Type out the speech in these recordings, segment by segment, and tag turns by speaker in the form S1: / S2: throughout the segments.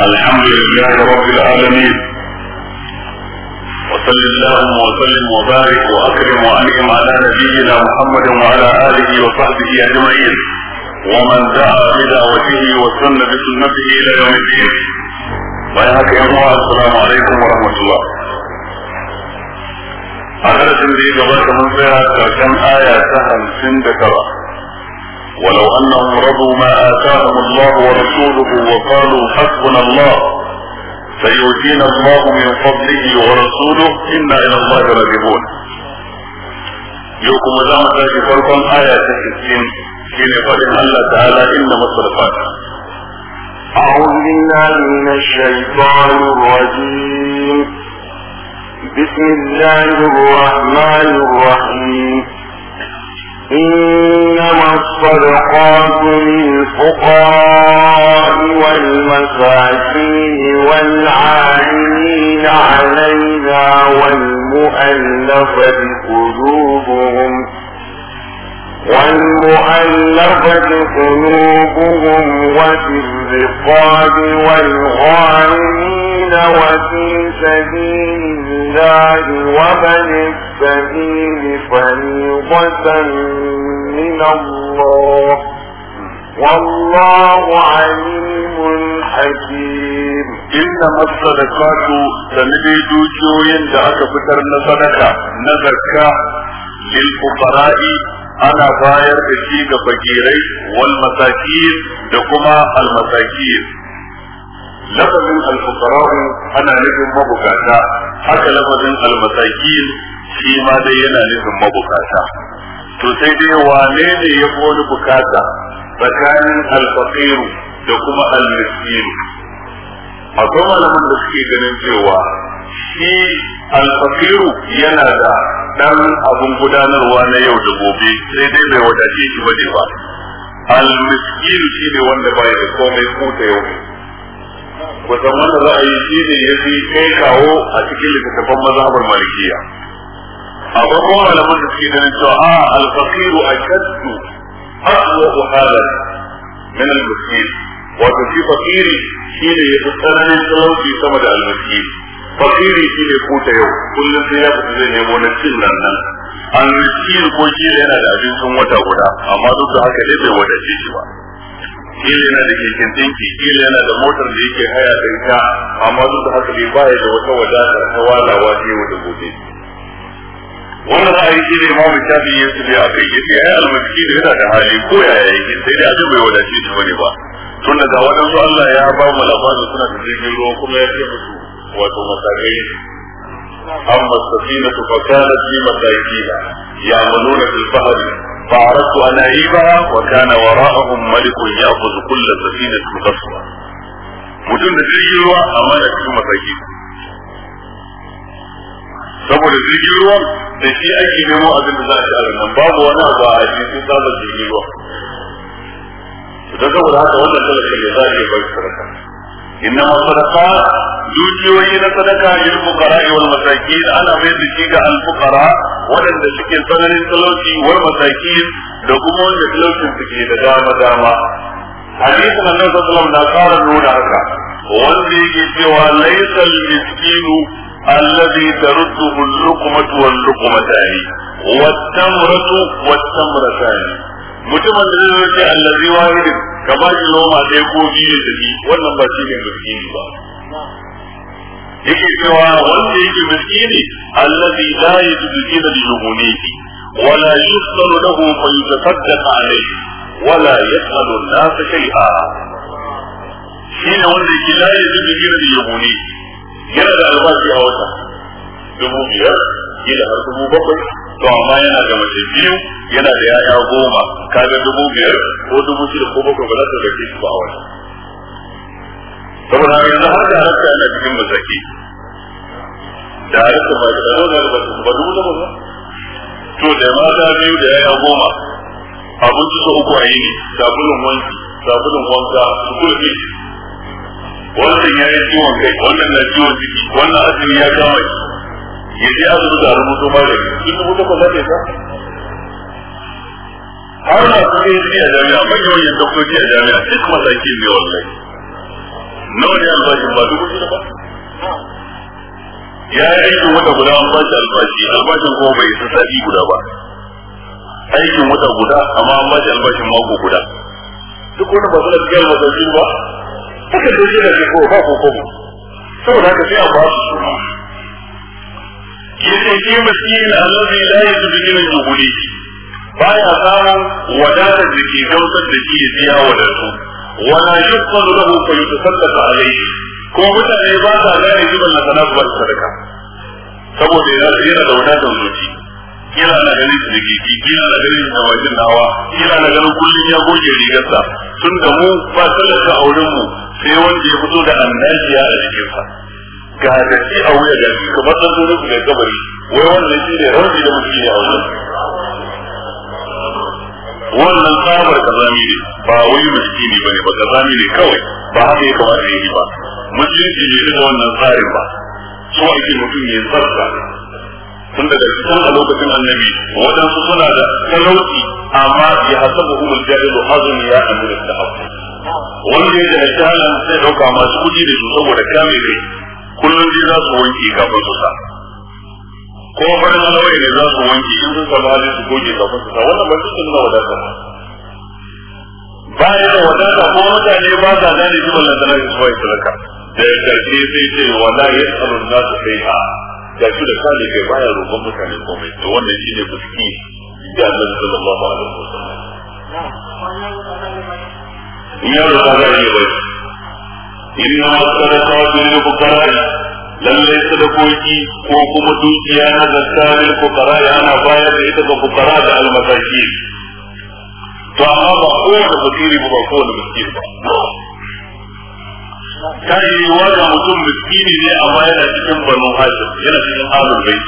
S1: الحمد لله رب العالمين وصل اللهم وسلم وبارك واكرم وانعم على نبينا محمد وعلى اله وصحبه اجمعين ومن دعا بدعوته وسن بسنته الى يوم الدين. وياك يا السلام عليكم ورحمه الله. a darasin da ya gabata كم آية karshen aya ولو أنهم رضوا ما آتاهم الله ورسوله وقالوا حسبنا الله سيؤتينا الله من فضله ورسوله إنا إلى الله راجعون يوكم دام ذلك فرقا آية 60 حين فإن الله تعالى إنما الصدقات أعوذ بالله من الشيطان الرجيم بسم الله الرحمن الرحيم إنما الصدقات للفقراء والمساكين والعاملين عليها والمؤلفة قلوبهم والمؤلفة قلوبهم وفي الرقاب والغارمين وفي سبيل الله ومن السبيل فريضة من الله والله عليم حكيم إنما الصدقات لمدي دوجوين دعك فتر نصدقة نزكى للفقراء أنا bayar da shi ga fakirai wal lafazin al ana nufin mabukata haka lafazin al shi ma dai yana nufin mabukata to sai dai wane ne ya wani bukata tsakanin alfakiru da kuma al A akwai malaman da suke ganin cewa shi alfakiru yana da dan abin gudanarwa na yau da gobe sai dai bai wadace shi ba ne ba almiskin shi ne wanda bai da komai ko ta yau wajen wanda za a yi shi ne ya fi kai kawo a cikin littattafan mazhabar malikiya akwai kuma malaman da suke ganin cewa a ah, alfaqiru ashaddu aqwa halan min al-miskin wato shi fakiri shi ne ya fi tsananin talauci sama da al almiskin fakiri shi ne ko yau kullum sai ya fita zai nemo na cin nan nan almiskin ko shi yana da abincin wata guda amma duk da haka dai bai wadace shi ba kila yana da keken tinki kila yana da motar da yake haya da ita amma duk da haka bai baya da wata wadata ta walawa ta yau da gobe wannan ra'ayi shi ne imamu shafi ya su a kai yace ai almaski da yana da hali ko yi yake sai dai abin bai wadace shi bane ba tun da ga wadansu Allah ya ba mu labarin suna da jirgin ruwa kuma ya ce musu wato masakai أما السفينة فكانت في مساكين يعملون في البحر فعرفت أن أعيبها وكان وراءهم ملك يأخذ كل سفينة غصبا mutum da jirgin ruwa amma da cikin mataki saboda jirgin ruwa da shi ake nemo abin da za a ci nan babu wani abu a cikin sabon jirgin ruwa don saboda haka wannan talaka ne za a iya bai sarrafa inna masadaka dukiyoyi na sadaka yin fukara wal masakin ana mai da shi ga alfukara waɗanda suke tsananin talauci wal masakin da kuma wanda talaucin suke da dama dama hadisin annabi sallallahu alaihi na ƙara nuna haka wanda yake cewa laysal الذي ترده اللقمة واللقمتان والتمرة والتمرتان متمن الذي واحد ka ba shi noma ɗaya ko biyu da shi wannan ba shi ne miskini ba yake cewa wanda yake miskini allazi la yajidu ila lihunihi wala yusalu lahu fa yutasaddaq alayhi wala yasalu an-nas shay'a shine wanda yake la yajidu ila lihunihi yana da albashi a wata dubu biyar yana har dubu bakwai to amma yana da mace biyu yana da yaya goma kaga dubu biyar ko dubu shida ko bakwai ba za ta zake su ba a wani saboda yanzu har da halatta yana cikin mazaki da halatta ba da zaune da ba dubu da ba to da mata biyu da yaya goma abinci su uku a ne sabulun wanki sabulun wanka su kulfi wannan ya yi ciwon kai wannan na ciwon ciki wannan azumi ya kama shi ya je asibiti a rubuto magani in rubuto ba za ta yi ba har masu kai shi a jami'a manyan manyan doktoci a jami'a duk mataki ne wallahi nawa ne albashin ba dubu ba ya yi aikin wata guda an bashi albashi albashin kuma bai isa sati guda ba aikin wata guda amma an bashi albashin mako guda duk wani ba suna cikin albashi ba haka ko ba ko ko saboda haka sai a ba su suna yace ke miskin allazi la yajid min al-ghudi baya samun wadatar da ke gamsar da shi ya biya wadatu wala yuqadu lahu fa yutasaddaq alayhi ko mutane ba sa gane jiban na sanarwar ba sadaka saboda yana da wadatar zuci yana na ganin su dake ki yana na ganin da wajen nawa yana na ganin kullum ya goge rigarsa tun da mu ba sallar da auren mu sai wanda ya fito da annajiya a jikinsa ga da shi a wuya ga shi kamar dan zo da kabari wai wannan shi ne rauni da mutum ya aure wannan tsabar kazami ne ba wai miskini bane ba kazami ne kawai ba haka ya kamata yi ba musulunci ne da wannan tsarin ba so ake mutum ya tsarka tun daga cikin a lokacin annabi waɗansu suna da talauci amma ya hasabu humul jahilu azumi ya amuru da abu wanda ya da halin sai ɗauka masu kuɗi da su saboda kame kai kullum ji za su wanke kafin su sa ko farin alawai ne za su wanke in sun samu hali su goge kafin su sa wannan ba cikin na wadata ba ya da wadata ko mutane ba sa gane shi ballan da su wai da ya karfe sai ce wala ya tsaron za su kai a da shi da kane kai baya roƙon mutane komai to wannan shi ne fuski da Allah sallallahu alaihi wasallam ya roƙa zai yi bai إنما الصدقات للفقراء lallai sadakoki ko kuma dukiya na zakka lil fuqara yana baya da ita ga fuqara da almasaki to amma ba kowane fakiri ba kowane miskin ba ta yi mutum miskini ne amma yana cikin banu hajjin yana cikin halin bai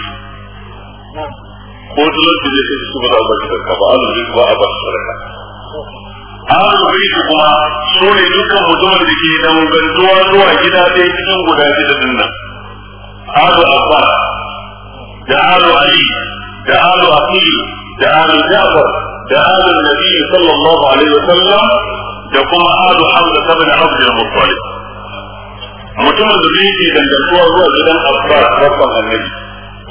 S1: ko dole ne sai su ba za a ba shi ba a ba ahlul baiti kuma su ne dukkan mutumin da ke da mugantuwa zuwa gida ɗaya cikin guda shida din nan ahlu abbas da ahlu ali da ahlu aqil da ahlu ja'far da ahlu nabi sallallahu alaihi wasallam da kuma ahlu hamza ibn abd al-muttalib mutumin da zai ke dangantuwa zuwa gidan abbas babban annabi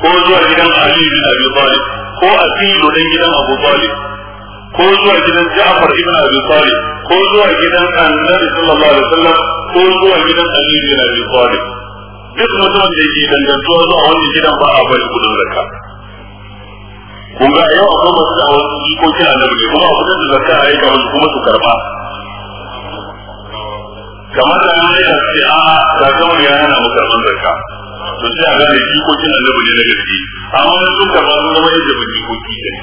S1: ko zuwa gidan ali bin abi talib ko asilu dan gidan abu talib ko zuwa gidan Ja'far ibn Abi Talib ko zuwa gidan Annabi sallallahu alaihi wasallam ko zuwa gidan Ali ibn Abi Talib duk mutumin da yake dangantuwa zuwa wannan gidan ba a bari kudin zakka kun ga yau akwai masu da wani jikokin annabi ne kuma a fitar da zakka a yanka wani kuma su karba kamar da an yi ce a sakamar ya hana mu karban zakka to sai a ga da jikokin annabi ne na gaske amma wani sun karɓa sun zama yadda ba jikoki ne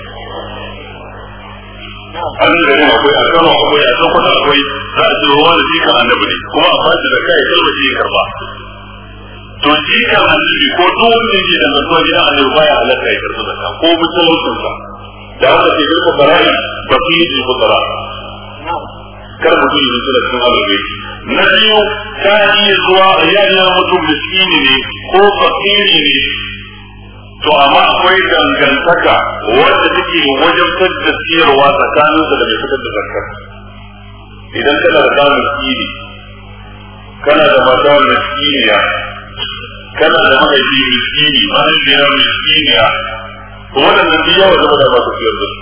S1: An nan akwai a kano akwai a sokoto akwai za a ce ruwa da jikan annabi ne kuma a fashi da kai kalma ce karba to jikan annabi ko duk wanda yake da zantuwa gidan annabi baya halatta ya karɓi zakka ko musulmancin sa da haka ke karɓi barayi ba su yi jikin bara kar mutum ya zuwa cikin alubai na biyu ta iya zuwa a yayin mutum da ne ko fakiri ne to amma akwai dangantaka wanda take wajen fitar siyarwa tsakanin da mai fitar da zakar idan kana da samun kiri kana da mata miskiniya kana da mahaifi miskini mahaifiya miskiniya to waɗanda duk yawa zama da masu siyar da su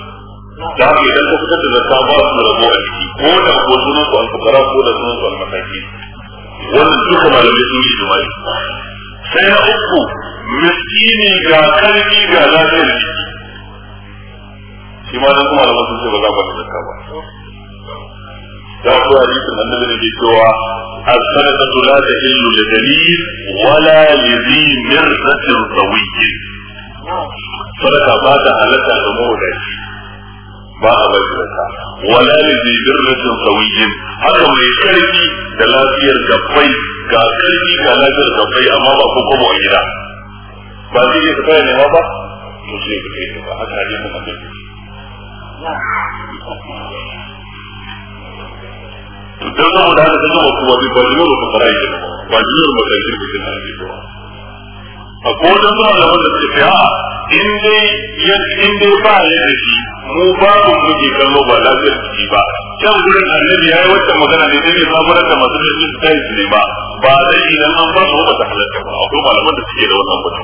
S1: da haka idan ka fitar da zakka ba su rabo a ciki ko da ko sunan su al-fuqara ko da sunan su al-masakin wannan duka malamai sun yi jima'i sai na uku miskini ga karfi ga lafiyar jiki shi ma dan kuma da wasu ce ba za ba da zakka ba da ku hadisin da ne ke cewa a as-sadaqatu la tahillu da dalil wala li dhi mirsatin sawiyyin sadaka ba ta halatta ga mawadaci ba a bai zaka wala li birratin sawiyyin haka mai karfi da lafiyar gabbai ga karfi ga lafiyar gabbai amma ba ko kuma gida ba zai iya tafiya ne ba zai sai ka kai ba a haka ne mun ga to dan saboda haka kaga ba kowa bai ba ne ba farai ne ba ne ba kai kirkin ne ba a ko dan saboda wanda suke a ah, in dai yan in dai ba ya da shi mu babu muke kallo ba lafiyar jiki ba can gurin annabi ya yi wata magana ne sai ya samurar da masu da jin kai ne ba ba zai idan an ba su wata halatta ba akwai malaman da suke da wannan mutum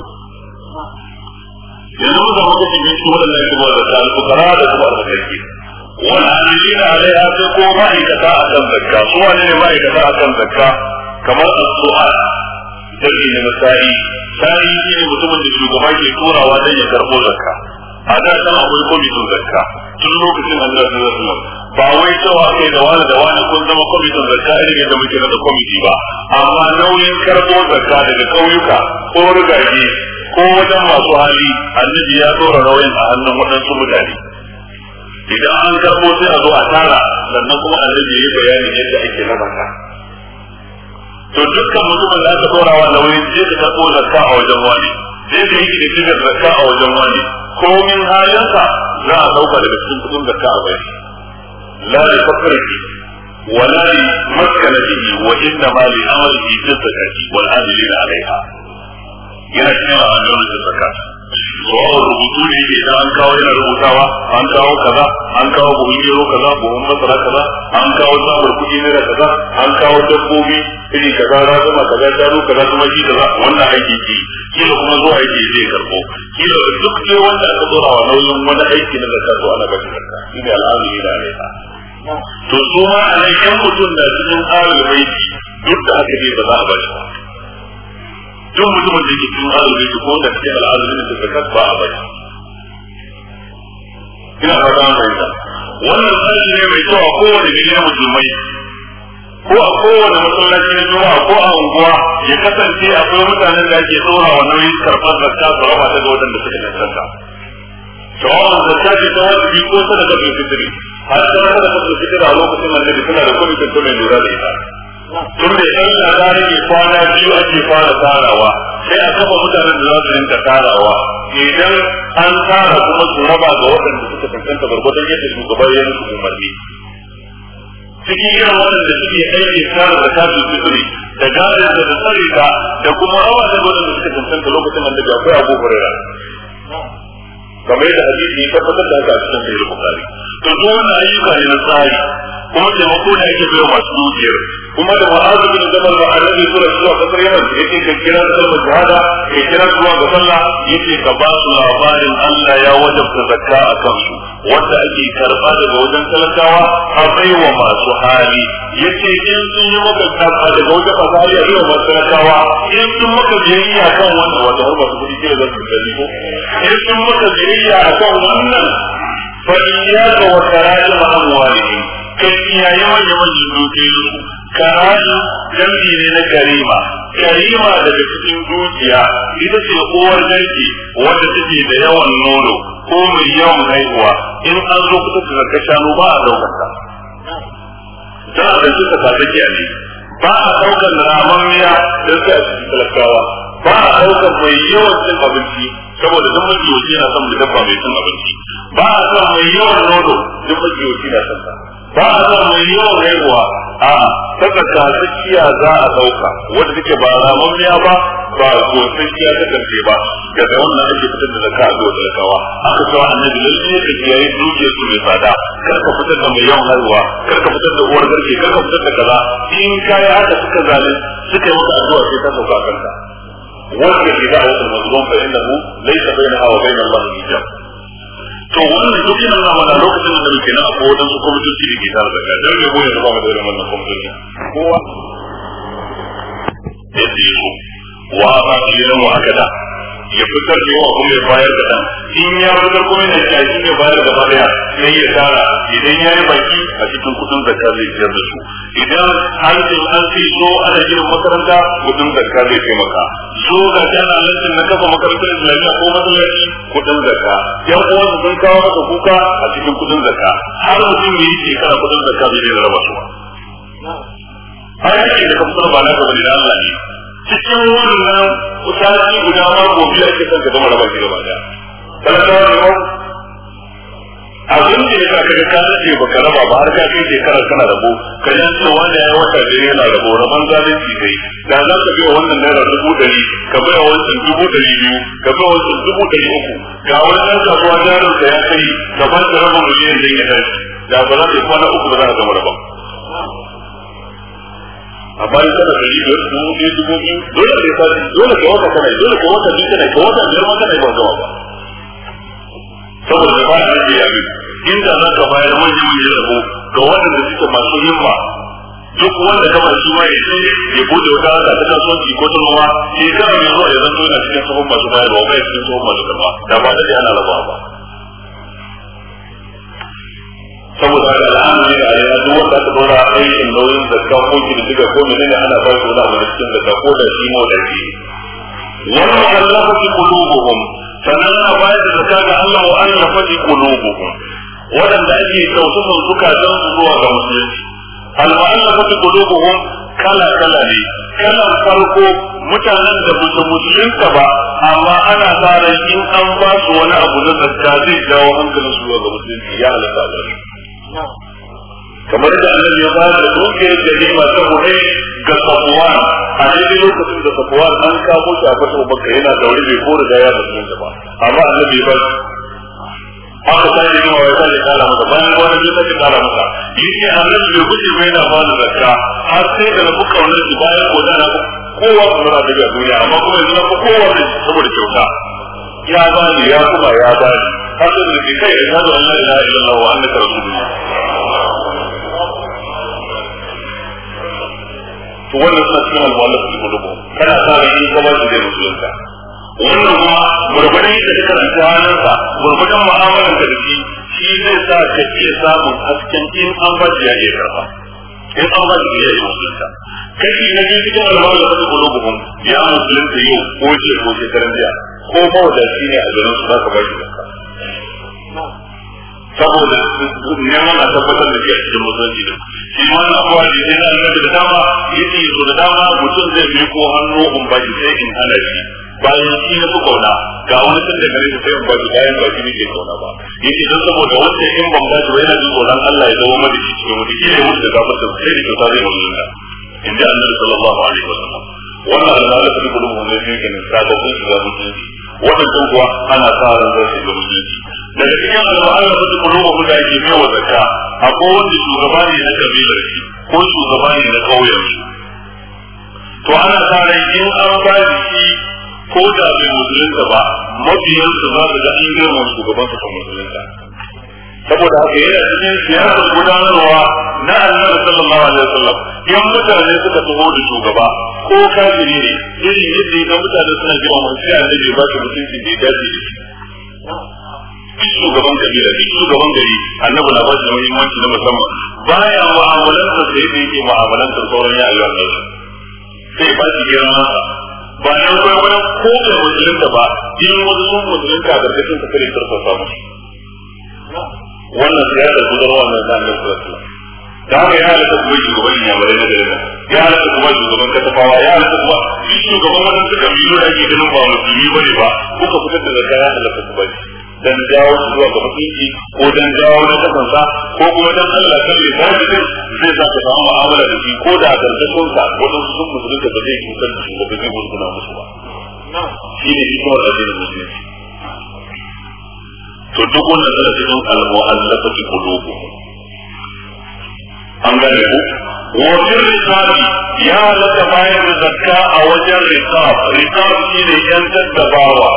S1: yanzu mu zama kuka yi su waɗannan kuma da ta alfukara da kuma alfakarki
S2: wani hannuni na alaiya sai ko ma'aikata a kan zakka su wane ne ma'aikata a kan
S1: zakka kamar al-su'al da na sa'i sa'i ne mutumin da shugaba ke turawa don ya karɓo zakka a da san akwai kwamitin zakka tun lokacin annabi sallallahu alaihi wasallam ba wai cewa kai da wani da wani kun zama kwamitin zakka irin yadda muke da kwamiti ba amma nauyin karbo zakka daga kauyuka ko rigaje ko wajen masu hali annabi ya dora nauyin a hannun waɗansu mutane idan an karbo sai a zo a tara sannan kuma annabi ya yi bayanin yadda ake rabata to dukkan mutumin da aka dora wa nauyin je ka karbo zakka a wajen wani daidai yake da shigar zakka a wajen wani komin halinsa za a dauka daga cikin kudin zakka a bai la li fakrati wa la li maskanatihi wa inna ma li amalihi fi zakati wal adilina alaiha yana cikin al'amuran zakka sawa'un rubutu ne ke da an kawo yana rubutawa an kawo kaza an kawo buhun gero kaza buhun masara kaza an kawo samun kuɗi naira kaza an kawo dabbobi iri kaza zama kaza shanu kaza kuma shi kaza wannan aiki ke kila kuma zuwa aiki ke zai karɓo kila duk dai wanda aka dora wa nauyin wani aiki na zakka to ana bashi zakka shi ne al'amari da alaiha to su ma a nan yan mutum na cikin alul baiti duk da aka ne ba za a bashi ba duk mutumin da yake cikin azumi ko da ke al'azumi da zakat ba a bai ina fata an fahimta wannan tsari ne mai kyau a kowane gidan musulmai ko a kowane masallaci na juma'a ko a unguwa ya kasance akwai mutanen da ake tsora wa nauyin karɓar zakka su raba ta ga waɗanda suka cancanta shawara zakka ce ta wajibi ko sadaka bil fitri har ta sadaka bil fitri a lokacin annabi suna da kwamitin ta mai lura da ita tun da yan tsara ne kwana biyu ake fara tsarawa sai a kafa mutanen da za su rinka tsarawa idan an tsara kuma su raba ga waɗanda suka tantanta gwargwadon yadda shugaba ya musu umarni cikin irin waɗanda suke aiki tsara da kafin fitri da gadin da da tsarika da kuma rawa da waɗanda suka tantanta lokacin annabi akwai abu hurera kamar yadda hadisi ya tabbatar da haka a cikin sahih bukhari to duk wannan ayyuka ne na tsari kuma taimako ne ake bayar masu dukiyar kuma da ma'azu bin jabal ba annabi sura zuwa kasar yaman yake ka kira kalmar shahada ka kira zuwa ga sallah ce ka ba su labarin Allah ya wajabta zakka a kansu wanda ake karba daga wajen talakawa sai wa masu hali yace in sun yi maka karba daga wajen masu hali a yi wa masu talakawa in sun maka biyayya kan wannan wanda har ba su kudi kira za su gani ko in sun maka biyayya kan wannan fa iyyaka wa tarajim amwalihim kai iyaye manyan manyan dukiyoyinsu karan jambi ne na karima karima daga cikin dukiya ita ce uwar garki wadda take da yawan nono ko mai yawan haihuwa in an zo kusa da ka shanu ba a daukar ta da da suka fata ke ne ba a daukar ramammiya da sai a cikin talakawa ba a daukar mai yawan cin abinci saboda duk majiyoci na son da dabba mai cin abinci ba a son mai yawan nono duk majiyoci na son ba a zan mai yawan haihuwa a saka tsakiya za a dauka wanda take ba ramammiya ba ba gosashiya ta karshe ba daga wannan ake fitar da zakka a zuwa talakawa aka cewa annabi lalle ka kiyaye dukiyar su mai tsada kar ka fitar da mai yawan haihuwa kar ka fitar da uwar garke kar ka fitar da kaza in kayi haka suka zalin suka yi wata addu'a sai ta sauka kanka wanda ke wata mazlum fa innahu laysa bainaha wa bainal lahi hijab to wannan duk yana nuna mana lokacin da muke nan akwai wadansu kwamitoci da ke tare da dan ne goyi da wannan kwamitoci kowa yadda ya so wa ma kiliran mu haka da ya fitar da yawa kuma ya bayar da ɗan in ya fitar kuma yana kyashi ya bayar da baya sai ya tara idan ya yi baki a cikin kudin da ka zai ciyar da su idan an ce an ce so ana yin makaranta kudin ka zai taimaka so ga jana lantin na kafa makarantar islamiyya ko masallaci kudin ka yan uwan su sun kawo maka kuka a cikin kudin da ka. har mutum ya yi shekara kudin ka zai raba su ba. Ai, yake da kamfan ba na gaba da Allah ne cikin wannan kusaci guda ma gobe a cikin ka gama raba shi gaba daya talakawa ne ba abin da ya saka ka kace baka raba ba har ka kai shekara kana rabo ka yi cewa ne ya wata da yana rabo raban zalunci kai da za ka biya wannan naira dubu dari ka biya wancan dubu dari biyu ka biya wancan dubu dari uku ga wani ɗan kasuwa jarin ka ya kai ka ba shi rabin miliyan da ya tashi da ba za ka yi kwana uku da za ka zama raba a bayan kana da riba ko ne dubu biyu dole ne ka dole ka wata kana dole ka wata biyu kana ka wata biyar ma kana ba zuwa ba saboda ba a ji yabi inda za ka bayar manyan manyan rabo ga waɗanda suke masu himma duk wanda ka bar shi ma ya ce ya bude wata haka ta kasuwanci ko ta mai zuwa ya zanto yana cikin tsohon masu bayarwa ba ya cikin tsohon masu karba da ba da ana ba saboda haka al'amari ne a yana duk wanda aka dora aikin nauyin zakka ko kirdiga ko menene ana ba shi wani cikin zakka ko da shi mota shi wani allafati qulubuhum sannan ana bayar da zakka ga Allah wa allafati qulubuhum wadanda ake tausasa zukatan su zuwa ga musulunci al-mu'allafati qulubuhum kala kala ne kalan farko mutanen da ba su musulunta ba amma ana tsara in an ba su wani abu na zakka zai jawo hankalin su zuwa ga musulunci ya halatta da kamar da annabi ya ba da dukiyar ganima ta hore ga safuwan a daidai lokacin da safuwan an kamo shi a fata na yana wuri bai kore da ya musulunta ba amma annabi ba aka sa da yawa ya sake kala masa bayan wani zai sake kala masa yi ne annabi bai guje ba yana ba da zakka har sai da rabu kaunar shi bayan ko dana kowa kuma na daga duniya amma kuma yanzu na kowa ne saboda kyauta ya ba ni ya kuma ya ba ni فقل لك كيف اشهد ان لا اله الا الله وانك رسول الله wannan suna cikin alwala su gudu ko kana sa in kuma su da musulunta wannan kuma gurgurdan da suka rantsa hannunsa gurgurdan mu'amalan da shi shi zai sa ka iya samun hasken in an ba shi ya iya karba in an ba shi ya musulunta kashi na biyu cikin alwala da su gudu ko ya musulunta yau ko ce ko shekaran jiya ko ba da shi ne a garin su za ka ba shi zakka saboda neman a tabbatar da shi a cikin musulunci da shi ma na kowa da na annabi da dama yake so da dama mutum zai bi ko hannu in ba sai in hana shi bayan shi na fi kauna ga wani sun da gare shi sai in ba bayan ba ne ke kauna ba yake don saboda wanda in ban ba ba yana jin tsoron Allah ya zama mada shi cikin wani shi ne wanda da gafar da sai da kyauta zai wani nuna in ji annabi sallallahu alaihi wasallam wannan al'ada ta kullu mu ne ke ne sabon shiga mutunci waɗannan kuwa ana sa ran za su ga musulunci daga cikin al'amara da su kuma wanda ake mai wa zakka akwai wanda shugaba ne na kabilar shi ko shugaba ne na ƙauyen shi to ana sa ran in an ba shi ko da bai musulunta ba mabiyansa za su ga an girma shugaban su kan musulunta saboda haka yana cikin siyasa gudanarwa na annabi sallallahu alaihi wasallam yan mutane suka taho da shugaba ko kafiri ne irin yadda ya mutane suna jima man sai annabi ba su mutunci bai dace da shi shugaban kabila ne shugaban gari annabi na ba shi muhimmanci na musamman baya mu'amalansa sai da yake mu'amalansa sauran ya ayyuka sai ba shi girma ba nan kuma wani ko da musulunta ba in wani sun musulunta a ƙarƙashin sa kare karfafa musu wannan siyasa gudarwa na zanen kurasu da haka ya halatta kuma shugaban yamurai na garin ya halatta kuma shugaban katafawa ya halatta kuma shi shugaban wannan suka biyu da ake ganin ba musulmi bane ba kuka fitar da zakka ya halatta ku bane dan jawo su zuwa ga mutunci ko dan jawo na kasansa ko kuma dan Allah kan ne ba shi zai sa ka samu mu'amala da shi ko da a karkashin sa wadansu sun musulunta ba zai cutar da shugaban zai mutuna musu ba shi ne hikimar addinin musulunci to duk wannan tana cikin al-mu'allafati qulubuhum an gane ku wajen risabi ya halatta bayar da zakka a wajen risab risab shi ne yan tattabawa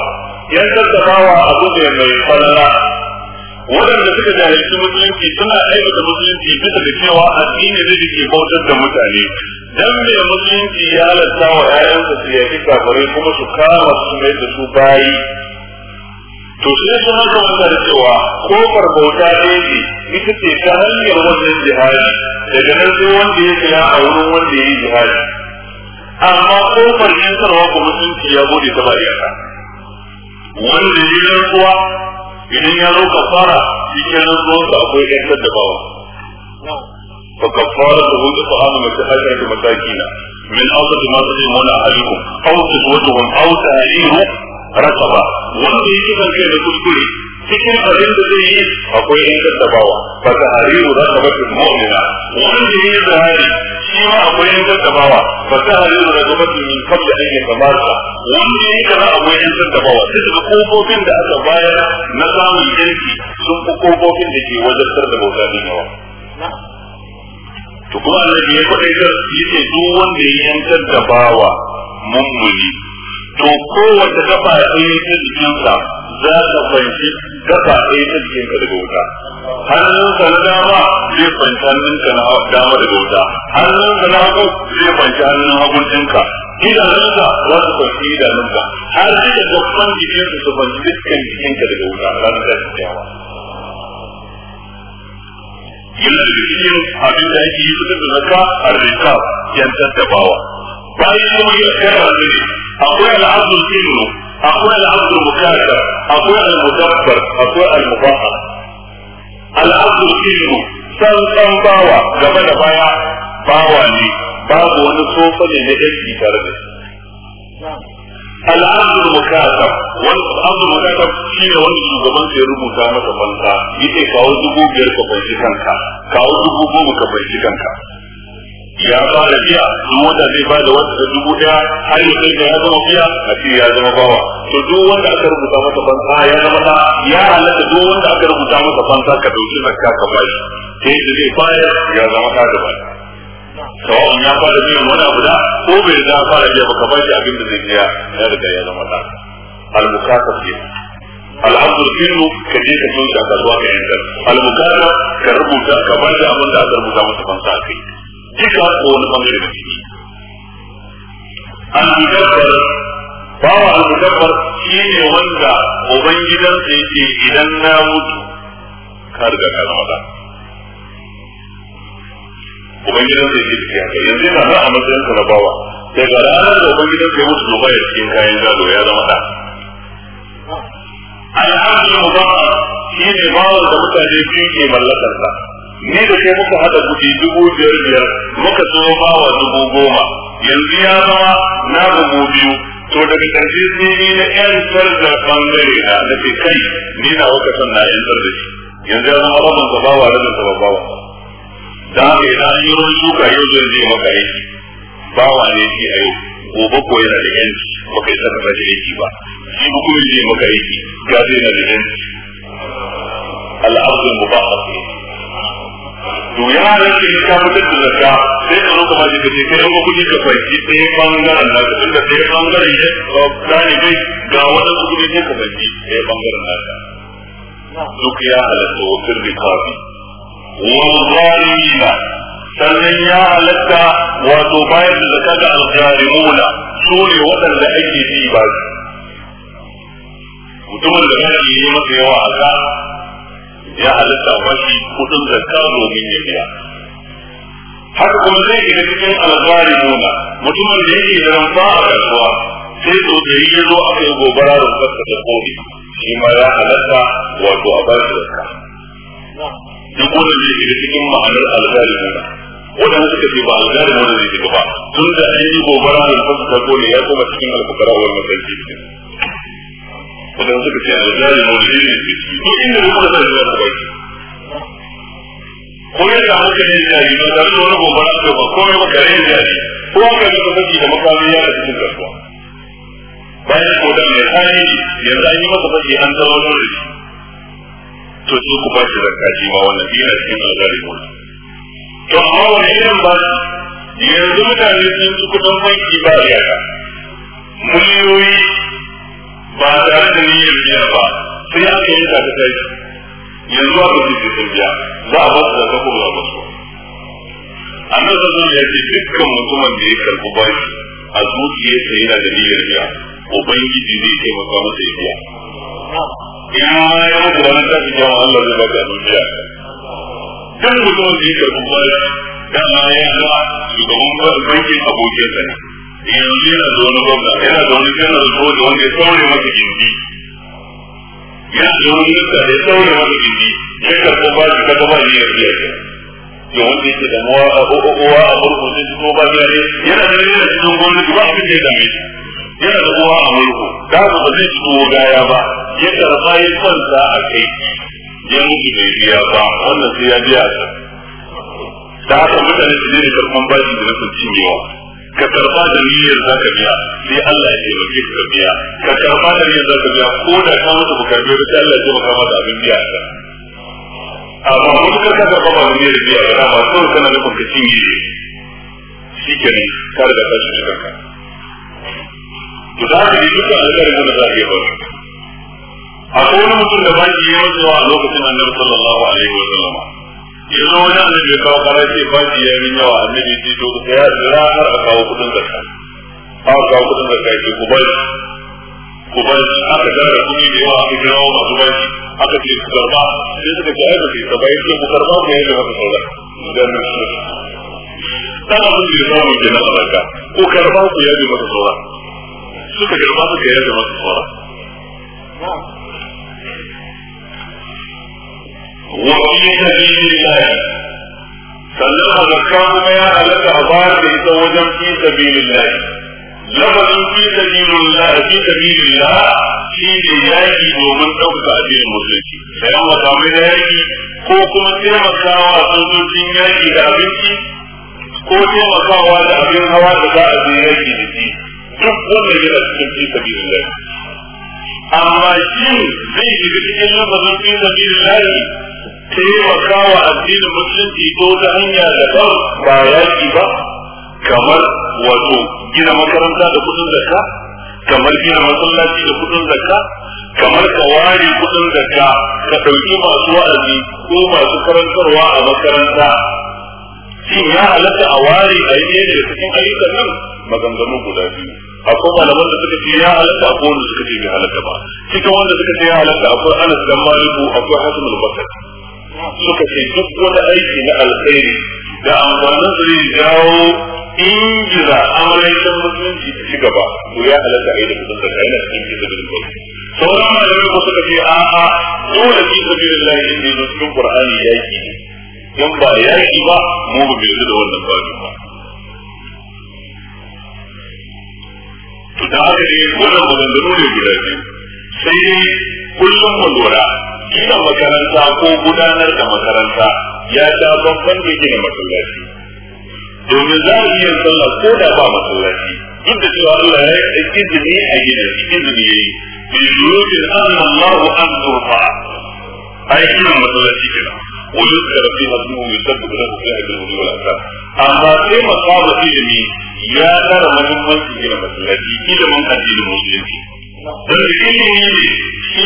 S1: yan tattabawa abu ne mai falala waɗanda suka jahilci musulunci suna aikata musulunci bisa da cewa addini ne da ke bautar da mutane dan me musulunci ya halatta wa ƴaƴansa su yaki kafare kuma su kama su mai da su bayi to sai su haka wanda da cewa kofar bauta ne ita ce ta hanyar wannan jihadi daga nan sai wanda ya kira a wurin wanda ya yi jihadi amma kofar sarwa ko mutunci ya bude ta aka wanda ya yi rantsuwa idan ya zo kafara cikin rantsuwarsa akwai yantar da bawa min إطعام عشرة مساكين من أوسط ما تطعمون أهلكم أو كسوتهم أو تهرير Rasaba, wanda yake kan da kuskure cikin abin da zai yi akwai in tabawa fa tahriru rakabatul mu'mina wanda yake da hari shi ma akwai in tabawa fa tahriru rakabatul min qabla an yatamarra wanda yake da akwai in tabawa duk da kofofin da aka bayar na samun yanki sun fi kofofin da ke wajen da bauta ne yawa to kuma annabi ya faɗi yake duk wanda ya yantar tabawa bawa mummuni to kowace gaba ɗaya ta jikinsa za ta fanci gaba ɗaya ta jikinka daga wuta hannunsa na dama zai fanci hannunka na dama daga wuta hannunka na hagu zai fanci hannun hagun ɗinka idanunka za su fanci idanunka har sai da gaban jikinsa su fanci dukkan jikinka daga wuta ranar da ta kyawa yana da cikin abin da ake yi fitar da zaka a rikaf yantar da bawa bayan kuma yi kara ne akwai al'adun ilmu akwai al'adul mukaka akwai al-mudabbar akwai al-mubaha al'adul ilmu san san bawa gaba da baya bawa ne babu wani sofa ne na yanki tare da shi al'adul mukaka wani al'adul mukaka shi ne wani shugaban sai rubuta masa banka yake kawo dubu biyar ka bai kanka kawo dubu goma ka bai kanka ya fara biya mota zai ba da wata dubu daya har yi sai ya zama biya a ce ya zama bawa to duk wanda aka rubuta masa fansa ya zama da ya halatta duk wanda aka rubuta masa fansa ka dauki na ka shi sai da zai bayar ya zama ka da bashi sawa'un ya fara biyan wani abu da ko bai a fara biya ka bashi abin da zai biya ya riga ya zama da al-mukatab ke al'abdu fillu ka je ka tunta kasuwa ka yanka al-mukatab ka rubuta ka bada abin da aka rubuta masa duka ko wani bangare da ciki al-mudabbar bawa al-mudabbar shi ne wanda ubangidansa yake idan na mutu ka riga ka zama da ubangidansa yake ciki haka yanzu yana nan a matsayinsa na bawa daga ranar da ubangidansa ya mutu zuba ya cikin kayan gado ya zama da al'adun mubarak shi ne bawan da mutane biyu ke mallakarsa ni da sai muka hada kuɗi dubu biyar biyar muka so ba wa dubu goma yanzu ya zama na dubu biyu to daga ƙarshe sai ni na ƴantar da ɓangare na na ke kai ni na waka son na ƴantar da shi yanzu ya zama rabin sa bawa rabin sa bawa da haka idan an yi ruwan shuka yau zai je maka aiki bawa ne shi a yau gobe ko yana da yanci baka yi saka sashi aiki ba shi ba zai je maka aiki ga zai na da yanci al'abdul mubarak ne to ya rage ka fitar da zakka sai ka zo ka maji ka ce kai an kuɗi ka fanki sai bangaren da tun da sai bangaren ya dalibai ga wanda kuɗi sai ka fanki sai bangaren da duk ya halatta wa sirri kafi
S2: wa zalimina
S1: sannan ya halatta wato bayan da zakka ga al-zuhra alzalimuna su ne waɗanda ake bi ba su mutumin da kan yi masa yawa a ka. ya halatta a kudin zakka domin ya biya haka kuma zai shiga cikin alzari nuna mutumin da yake da ramfa a kasuwa sai zo da yi zo a kai gobara da kasa da kofi shi ma ya halatta wato a bar zakka duk wanda zai shiga cikin ma'anar alzari nuna wadanda suka ce ba alzari nuna zai shiga ba tun da an yi gobara da kasa da kofi ya kuma cikin alfukara wani matsayi wadanda suka ce aljari mawuli ne ko inda ne kuma zai zuwa baki ko yadda haka ne ya yi ba tare wani gobara da ba ko mai ya yi ko saki da makami ya da cikin kasuwa bayan ko da mai hali yanzu an yi masa saki an zama da shi to su ku ba shi zakka shi ma wannan yana cikin aljari mawuli to amma wani irin ba yanzu mutane sun ci kudin banki ba yaka. miliyoyi ba tare da niyyar biya ba sai aka yi ta kai yanzu aka ji sai sun biya za a ba su da a ba su annabi sallallahu alaihi wasallam ya ce dukkan mutumin da ya karbi bashi a zuciyarsa yana da niyyar biya ubangiji zai taimaka masa ya biya in ma ya mutu ranar tafi jama'a Allah zai baka zuciya duk mutumin da ya karbi bashi dama ya ga shugaban bankin abokinsa ne yanzu yana da wani gwamna yana da wani janar soja wanda ya saurin masa gindi yana da wani nuka da ya saurin masa gindi ya karɓo ba shi ba niyyar biya ke wanda yake da mawa a uwa a murku sai ko ba biya ne yana da yana cikin gwamnati ba abin da ya dame shi yana da a murku da haka ba zai ciwo gaya ba ya karɓa ya kwanta a kai ya mutu bai biya ba wannan sai ya biya a haka mutane su ne da karɓan bashi da na cinyewa ka karba da niyyar za ka biya sai Allah ya taimake ka biya ka karba da niyyar za ka biya ko da ka mutu ba ka biya sai Allah ya taimaka maka abin biya ka amma mutukar ka karba ba da niyyar biya ba amma so kana da ka cinye shi kenan ka riga ka shi kanka to za ka yi duka alƙarin da za ka yi ba akwai wani mutum da baki ya yawan zuwa a lokacin annabi sallallahu alaihi wa sallama ya zo wajen annabi ya kawo kara ce ba shi yayin yawa annabi ya to ku ya ranar a kawo kudin zakka a kawo kudin zakka ya ce ku ba ku ba aka tara kuɗi da yawa aka masu ba aka ce ku karba sai suka ce ai ce karba ya ce ku karba ku yayin da wata idan na shi ta abin da ke na zakka ku karba ku yayin da wata sauran suka karba suka yayin da wata sauran وفي سبيل الله سلم الأحكام بها على الأخبار ليس وجم في سبيل الله لفظ في سبيل الله في سبيل الله في بدايه ومن سوف تأتيه المشرك فيما قام ذلك كوكو مسير مساوى سلطان سينجاكي لأبنتي كوكو مساوى لأبن هوا لقاء زينجاكي لتي كوكو مسير مساوى في سبيل الله أما شيء زي في بيت الله في سبيل الله taimaka wa addinin musulunci ko ta hanya daban ba yaƙi ba kamar wato gina makaranta da kudin zakka kamar gina masallaci da kudin zakka kamar ka ware kudin zakka ka ɗauki masu wa'azi ko masu karantarwa a makaranta shin ya halatta a ware a yi da cikin ayyukan nan Maganganun guda biyu akwai malaman da suka ce ya halatta akwai wanda suka ce bai halatta ba cikin wanda suka ce ya halatta akwai anas dan maliku akwai hasan al-basri suka ce duk wani aiki na alkhairi da amfanin su zai jawo injira amuraitan musulunci ta ci gaba Ko ya halatta a yi da kudin da kayan cikin kisa da dukkan sauran malamai ko suka ce a'a dole fi sabilin lahi inda yanzu cikin qur'ani yaki ne dan ba yaki ba mu ba biyar da wannan bani ba to da haka ne wannan da nuna guda biyu sai kullum mu lura gina makaranta ko gudanar da makaranta ya ta babban da gina masallaci
S2: domin za mu iya sallah ko da ba
S1: masallaci duk da cewa Allah ya yi izini a gina izini ya yi bi yuridin anna Allah an turfa ai gina masallaci kina wa yuzkar fi hasmu yusabbu lahu fi al-wudi wal asar amma sai masaba ilimi ya tara muhimmanci gina masallaci ilimin addinin musulunci dan ilimi ne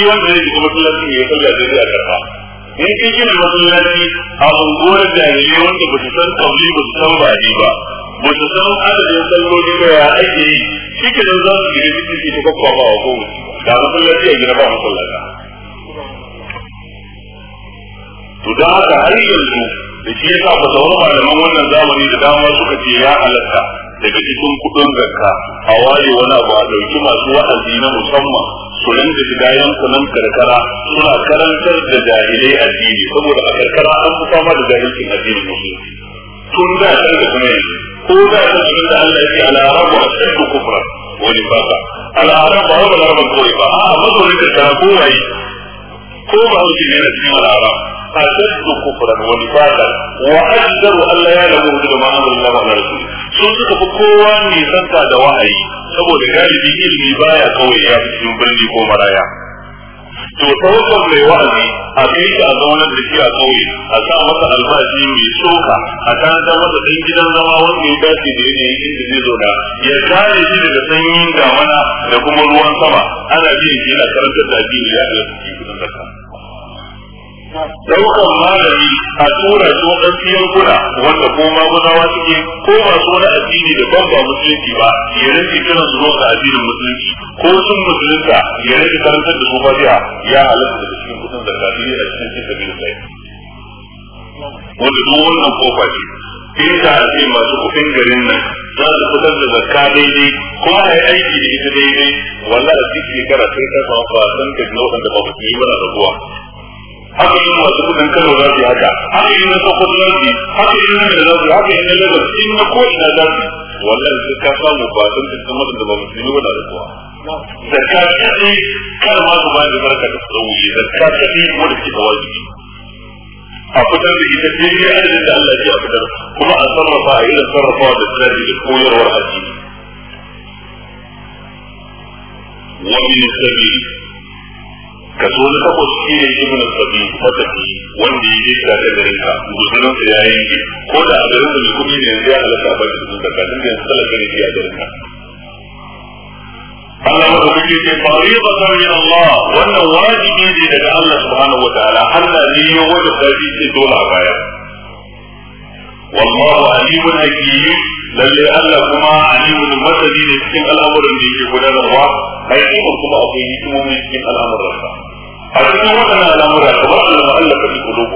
S1: shi wanda zai shiga masallaci ne ya sallah da zai karba in kin gina masallaci a unguwar jahiliya wanda ba su san tsauni ba su san baɗi ba ba su san adadin salloli ba ya ake yi shi ke nan za su shiga cikin shi ta kwakwa ba ko ga masallaci a gina ba masallaci to da haka har yanzu da shi yasa ba sauran malaman wannan zamani da dama suka ce ya halatta daga cikin kudin zakka a ware wani abu a dauki masu wa'azi na musamman su rinka shiga yankunan karkara suna karantar da jahilai addini saboda a karkara an fi fama da jahilcin addini musulmi tun da kan da kuma yanzu ko da kan cikin da Allah ya ce al'arabu a shaddu kufra wani fasa al'arabu a wani larabar kawai ba a mazorin da ta kowaye ko ba hauki ne na cikin al'arabu أشد كفرا ونفاقا وأجدر أن لا يعلموا بما أمر الله على رسوله su suka fi kowa nisanta da wa'ayi saboda galibi ilimi baya kawai ya fi cikin birni ko maraya to tawakkal mai wa'azi a kai shi a zaunar da shi a kauye a sa masa albashi mai soka a tantar masa ɗan gidan zama wanda ya dace da yanayin inda zai zo da ya kare shi daga sanyin damana da kuma ruwan sama ana biyan shi yana karantar da addini ya iya kuɗin zakka daukan malami a tura shi waɗansu yankuna wanda ko maguzawa suke ko masu wani addini da ban ba musulunci ba ya rage kiran su zuwa addinin musulunci ko sun musulunta ya rage karantar da su fadiya ya halatta daga cikin kudin da kafiri a cikin cikin da sai wanda duk wannan kofa ce inda a ce masu kufin garin nan za su fitar da zakka daidai kuma a yi aiki da ita daidai wallahi a cikin shekara sai ka samu ba da nau'in da ba yi ba na rabuwa haka yin masu kudin kano za su yi haka haka yin na sokoto za su yi haka yin na da za su yi haka yin na lagos in na ko ina za su yi wallahi sai ka samu ba sun ta sun da ba musulmi ba na da kowa zakka kaɗai kar ma su bayan da barka da su wuce zakka kaɗai wanda ke da wajibi a fitar da ita ce ne adadin da Allah ya fitar kuma a sarrafa a irin sarrafawa da tsari da koyarwar addini Wani min sabili kaso na takwas shi ne ibn sabi mataki wanda ya je da garin ka guzurin sa yayin ki ko da a garin mai kuɗi ne ya halaka ba shi da kadin da salaka ne a garin ka Allah ya kuke ce fariba ta min Allah wannan wajibi ne daga Allah subhanahu wataala Allah ne ya wajaba shi ce dole a baya wallahu alimun hakim lalle Allah kuma alimun masani ne cikin al'amuran da yake gudanarwa ai kuma akwai hikimomi cikin al'amuran sa a cikin waɗannan al'amura kamar Allah Allah ka riko lobo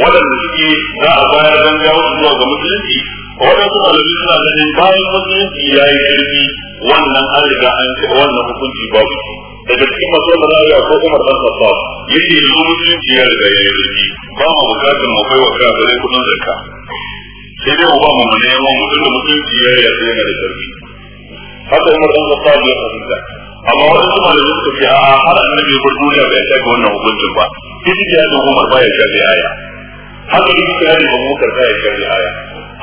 S1: waɗanda suke za a bayar don jawo su zuwa ga musulunci waɗansu malami suna ganin bayan musulunci ya yi ƙarfi wannan an riga an ce wannan hukunci babu daga cikin masu wanda za a ko kuma Umar dan Khattab yake yanzu musulunci ya riga ya yi ƙarfi ba mu bukatar mu kai wa zai kudin zakka sai dai ba mu ne mu mutum da musulunci ya yi yana da ƙarfi haka Umar dan Khattab ya fahimta amma wani kuma da suka ce a har annabi ya bar duniya bai shafe wannan hukuncin ba kiji da yadda umar ba ya shafe aya haka duk da yadda ba mukar ba ya shafe aya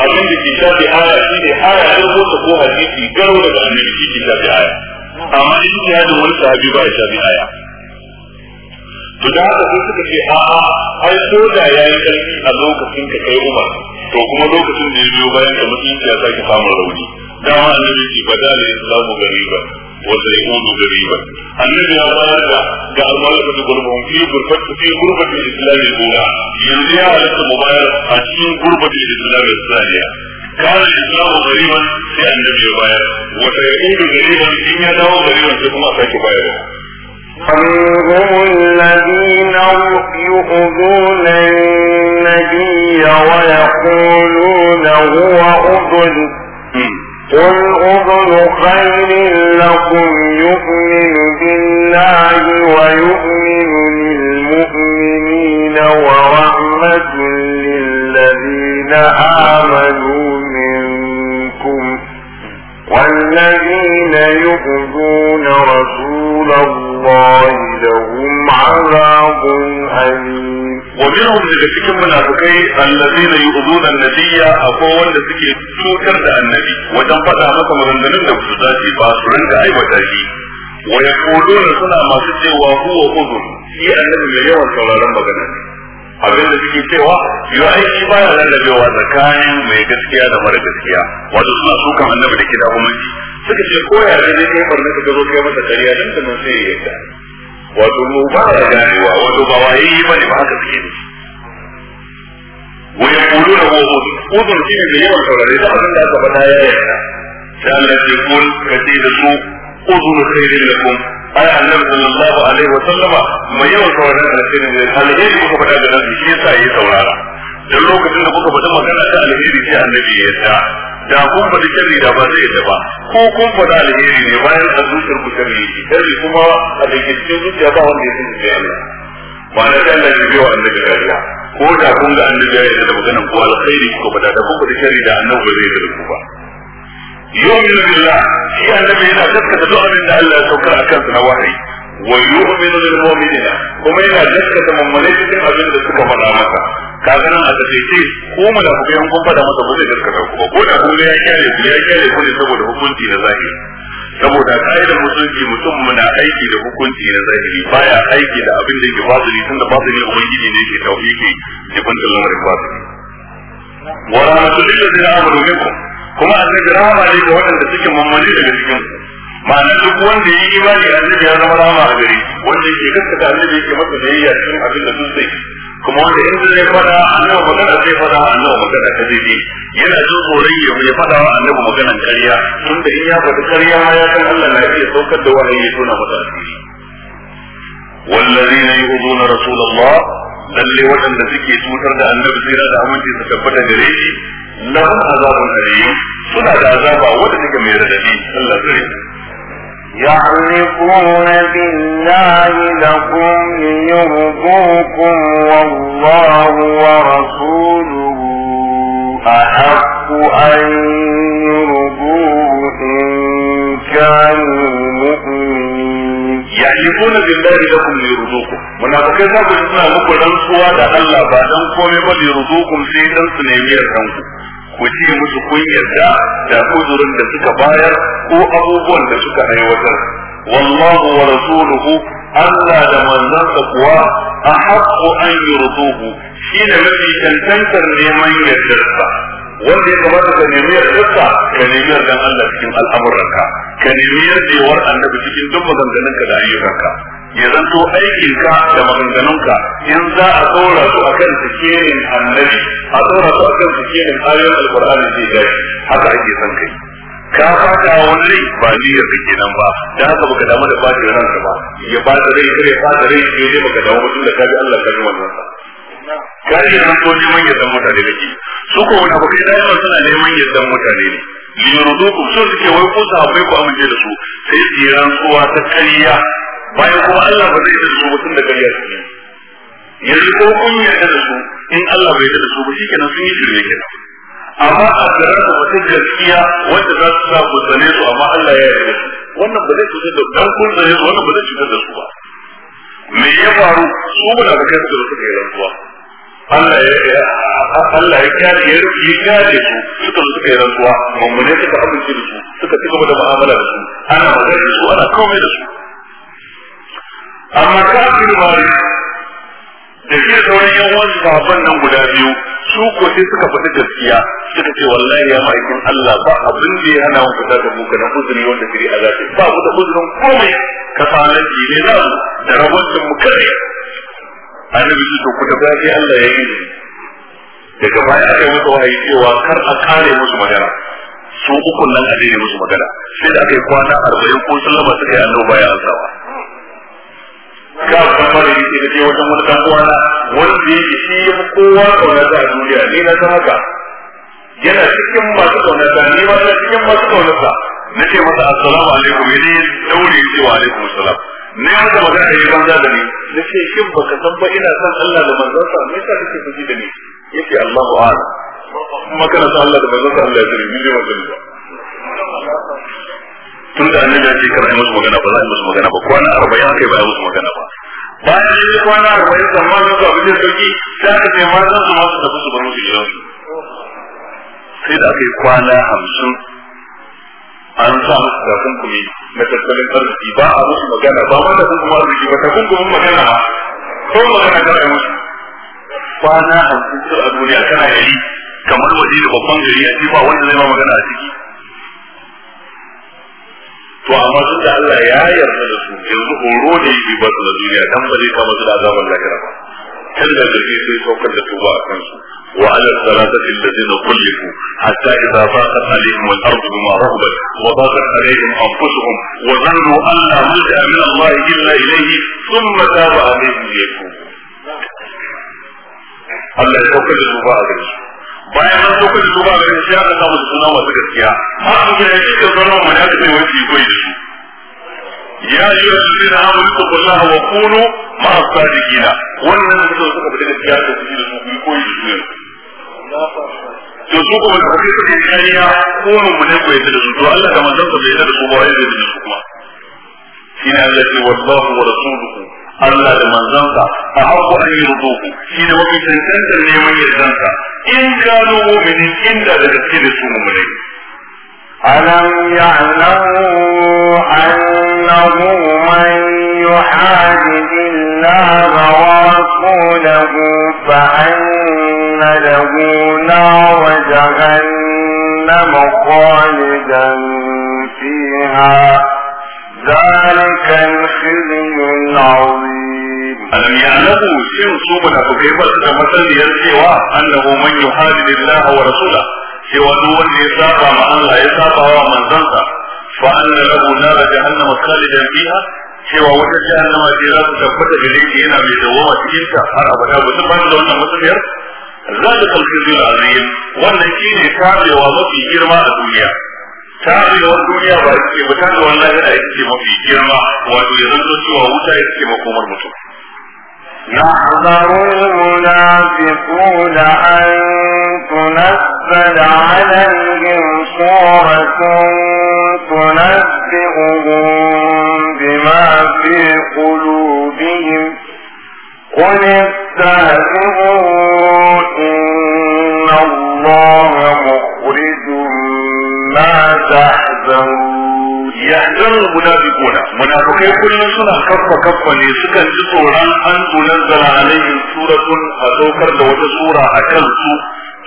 S1: abin da ke shafe aya shi ne aya ɗin wata ko hadisi garo daga annabi shi ke shafe aya amma in ya yadda wani sahabi ba ya shafe aya to da haka sai suka ce a ai ko da ya yi ƙarfi a lokacin ka kai umar to kuma lokacin da ya biyo bayan ka mutunci ya sake samun rauni dama annabi ce ba da alaihi salamu gariba وسيكون قريبا أمم النبي أراد كالملكة غربهم في غرفة في غرفة الإسلام الأولى ينزيها على المبايع أشين غرفة الإسلام الثانية كان الإسلام غريبا في النبي يبايع وسيعود غريبا إن يدعو غريبا ثم سيبايع أم هم الذين يؤذون النبي ويقولون هو أذن قل أذن خير لكم يؤمن بالله ويؤمن للمؤمنين ورحمة للذين آمنوا منكم والذين يؤذون رسول الله الله لهم عذاب أليم ومنهم daga cikin munafikai allazina yu'duna an-nabiyya akwai wanda suke cutar da annabi wajen faɗa masa maganganun da su dace ba su rinka aibata shi wa yaquluna suna masu cewa mai yawan sauraron abin da suke cewa yau aiki baya lallabewa tsakanin mai gaskiya da mara gaskiya wato suna sukan annabi da ke da hukunci suka ce ko ya zai kai barna ka gazo kai masa kariya dan da sai ya yarda wato mu ba da wa? wato ba wayi bane ba haka suke ne wa yaquluna wa udun udun shi ne yawan saurare da abin da aka faɗa ya yarda sai Allah ya kun kace da su kudu udun da lakum ai annabi sallallahu alaihi wa sallama mai yawan saurare da alheri ne alheri kuka faɗa da nan shi yasa yayi saurara dan lokacin da kuka faɗi magana ta alheri sai annabi ya yarda da kun faɗi sharri da ba zai yarda ba ko kun faɗi alheri ne bayan a zuciyar ku sharri sharri kuma a dake cikin zuciya ba wanda ya sani sai Allah ba na da Allah ya biyo annabi kariya ko da kun ga annabi ya yarda da maganar ku alheri kuka faɗa da kun faɗi sharri da annabi ba zai yarda ku ba يؤمن بالله هي النبي هنا تسكت تؤمن ان الله سوكر اكلت نواهي ويؤمن بالمؤمنين كما هنا تسكت من منيتك ابن ka nan a takaice ko da an kuma fada masa ba zai gaskata ku ko da kuma ya kyale ya kyale ku ne saboda hukunci na zahiri saboda ka'idar musulunci mutum muna aiki da hukunci na zahiri baya aiki da abin da yake fasiri tunda fasili ubangiji ne ke tauhidi ke banda lamarin fasili wa rahmatullahi alladhina amanu minkum kuma annabi rahama ne ga waɗanda suke mummuni daga cikin ku ma'ana duk wanda yi imani annabi ya zama rahama a gare wanda yake gaskata annabi yake masa a cikin abin da sun sai kuma wanda yanzu zai fada annabi magana zai fada annabi magana ta daidai yana jin tsoron ya bai fada wa annabi maganan ƙarya da in ya faɗi ƙarya ma ya san Allah na iya saukar da wahayi ya tona masa asiri والذين يؤذون na Rasulallah lalle waɗanda suke cutar da annabi sai da aminci su tabbata gare shi lahum azabun alim suna da azaba wanda take mai radadi Allah zai يعرفون بالله لكم ليرضوكم والله ورسوله أحق أن يرضوه إن كانوا مؤمنين يعرفون بالله لكم ليرضوكم munafikai za ku suna muku rantsuwa da Allah ba komai ba lirzukum sai dan su nemi yardanku ku ci musu kun yarda da uzurin da suka bayar ko abubuwan da suka aiwatar wallahu wa rasuluhu Allah da manzansa kuwa a haƙƙo an yi rutuhu shi ne mafi cancantar neman yardarsa wanda ya kamata ka nemi yardarsa ka nemi yardan Allah cikin al'amuranka ka nemi yardewar annabi cikin duk maganganunka da ayyukanka ya zanto aikin ka da maganganun ka in za a tsora su akan sikirin annabi a tsora su akan sikirin ayoyin alqur'ani da shi. haka ake san kai ka fata wani ba ni da ke nan ba da haka baka damu da bata ranka ba ya da rai kare da rai ke ne baka damu mutum da kaji Allah kaji wannan sa kaji nan to neman yadda mutane da ke su ko wani abokai da yawa suna neman yadda mutane ne liyarzuku su suke wai ko sahabbai ku amince da su sai su yi ta kariya bayan kuma Allah ba zai yi da su mutum da gariya su yanzu ko kun yarda da su in Allah bai yarda da su ba shikenan sun yi shirme kenan amma a garin da wata gaskiya wanda za su sa ku tsane su amma Allah ya yarda wannan ba zai cutar da dan kun tsane su wannan ba zai cutar da su ba me ya faru su ba da kai su suka yi rantsuwa Allah ya Allah ya kare ya rufe kare su suka suka yi rantsuwa mummune suka amince da su suka ci gaba da mu'amala da su ana magana da su ana komai da su amma kafin wari da shi da sauran yan wani sahabban nan guda biyu su ko sai suka faɗi gaskiya suka ce wallahi ya ma'aikin Allah ba abin da ya hana mu fita da mu kana uzuri wanda kiri a zaki ba mu da uzurin komai ka sanar ji ne mu da rabon da mu kare annabi to ku da sai Allah ya yi daga baya aka yi masa wahayi cewa kar a kare musu magana su ukun nan a daidai musu magana sai da aka yi kwana arba'in ko sallama suka yi annoba ya ansawa ka san ma da yake da wajen wani dan uwana wanda yake shi ya fi kowa kauna ta a duniya ne na san haka yana cikin masu kauna ta ni ma na cikin masu kauna ta ce masa assalamu alaikum yace daure yace wa alaikum assalam ne ya masa magana ya banza da ni nace shin baka san ba ina san Allah da manzon sa me yasa kake fuji da ni yake Allahu a'lam kuma kana san Allah da manzon sa Allah ya tsare ni ne wannan ba tun da annabi ya ce kar a musu magana ba za a musu magana ba kwana arba'in aka yi ba a musu magana ba bayan yi kwana arba'in tsammanin su abin da sauki sai aka ce ma za su masu tafi su bar musu gidansu sai da aka yi kwana hamsin an sa musu tafin kumi na tattalin arziki ba a musu magana ba ma tafin kuma arziki ba tafin kuma magana ba ko magana kar a musu kwana hamsin a duniya kana yari kamar waje da babban gari a ba wanda zai ma magana a ciki to amma duk da Allah ya yarda da su yanzu horo ne yake ba su da duniya dan ba zai kama su da azabar lahira ba kan da zai sai saukar da tuba a kansu وعلى الثلاثة الذين خلفوا حتى إذا ضاقت عليهم الأرض بما رهبت وضاقت عليهم أنفسهم
S2: وظنوا أن لا ملجأ من الله إلا إليه ثم تاب
S1: عليهم ليتوبوا. الله يتوكل التوبة على bayan nan zo kuka duba ga shi aka samu da suna masu gaskiya har su ga shi da sauran mu da take wani koyi da shi ya yi wa su da hamu ku kullaha wa kunu ma sadiqina wannan da suka suka fita gaskiya da su da su koyi da shi to su kuma da su ne kariya kunu mu ne koyi da su to Allah da manzon sa bai da su ba wai da su kuma shine Allah ya wallahu wa rasuluhu Allah da manzansa a haƙƙo an yi rubutu shi ne mafi cancantar neman yardansa in kanu mu'minin inda da gaske da su mu'minai ألم يعلموا أنه من يحادد الله ورسوله فأن له نار جهنم خالدا فيها ذلك الخزي العظيم ألم يعلموا شيء صوب الأفكيب مثل يرسيوا أنه من يحادد الله ورسوله سوى دول يسابع مع الله يسابع ومن ذنبه فأن له نار جهنم خالدا فيها cewa wata jahannama ce za ta tabbata gare shi yana mai dawoma cikin ta har abada ba ta bani da wannan mutumiyar zalika shine mafi girma a duniya tarewar duniya ba ke ba tarewar lahira ya ce mafi girma wato ya zanto cewa wuta ya ce makomar mutum يحذر المنافقون أن تنزل على ne kullum suna kafa kafa ne suka ji tsoron an tunazzala alaihim suratun a saukar da wata sura a kan su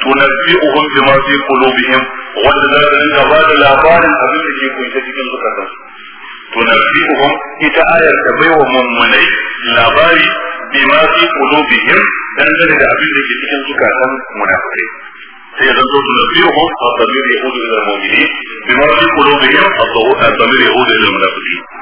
S1: tunan fi uhun tunabbi'uhum bima fi qulubihim wanda za ta rinka ba da labarin abin da ke kunshe cikin zukatan su tunan fi uhun ita ayar da bai wa mummunai labari bi bima fi qulubihim dangane da abin da ke cikin zukatan munafikai sai zan zo tunabbi'uhum fa tabir yahudu ila al-mu'minin bima fi qulubihim fa tabir yahudu ila al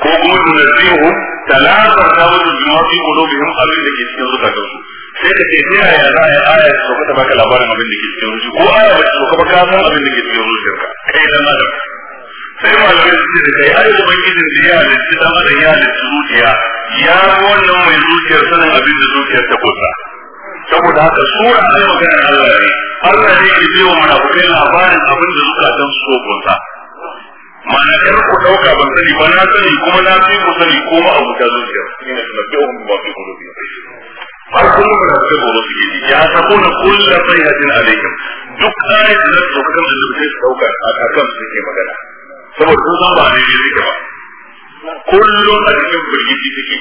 S1: ko kuma tunasihu talabar ta wajen jima fi qulubihim abin da ke cikin zukatan su sai da ke ta yaya za a yi aya ta sauka ta baka labarin abin da ke cikin zuciya ko aya ba ta sauka ba ka san abin da ke cikin zuciyarka kai dan adam sai malamai su ce da kai ai ubangijin da ya halitta dan adam ya halitta zuciya ya wannan mai zuciyar sanin abin da zuciyar ta kusa saboda haka sura ne maganar Allah ne Allah ne ke biyo mana bukai labarin abin da zukatan su so kusa ma'ana kar ku dauka ban sani ba na sani kuma na fi ku sani ko ma abu ta zuciya ina da mafi ohun ba fi kulubi har kullum da suka tsoro su yi ya sako na kulla bai hajjin alaikum duk ayat da su kan da su dauka a kakan su ke magana saboda su ba ne ne suke ba kullum a cikin birgiti suke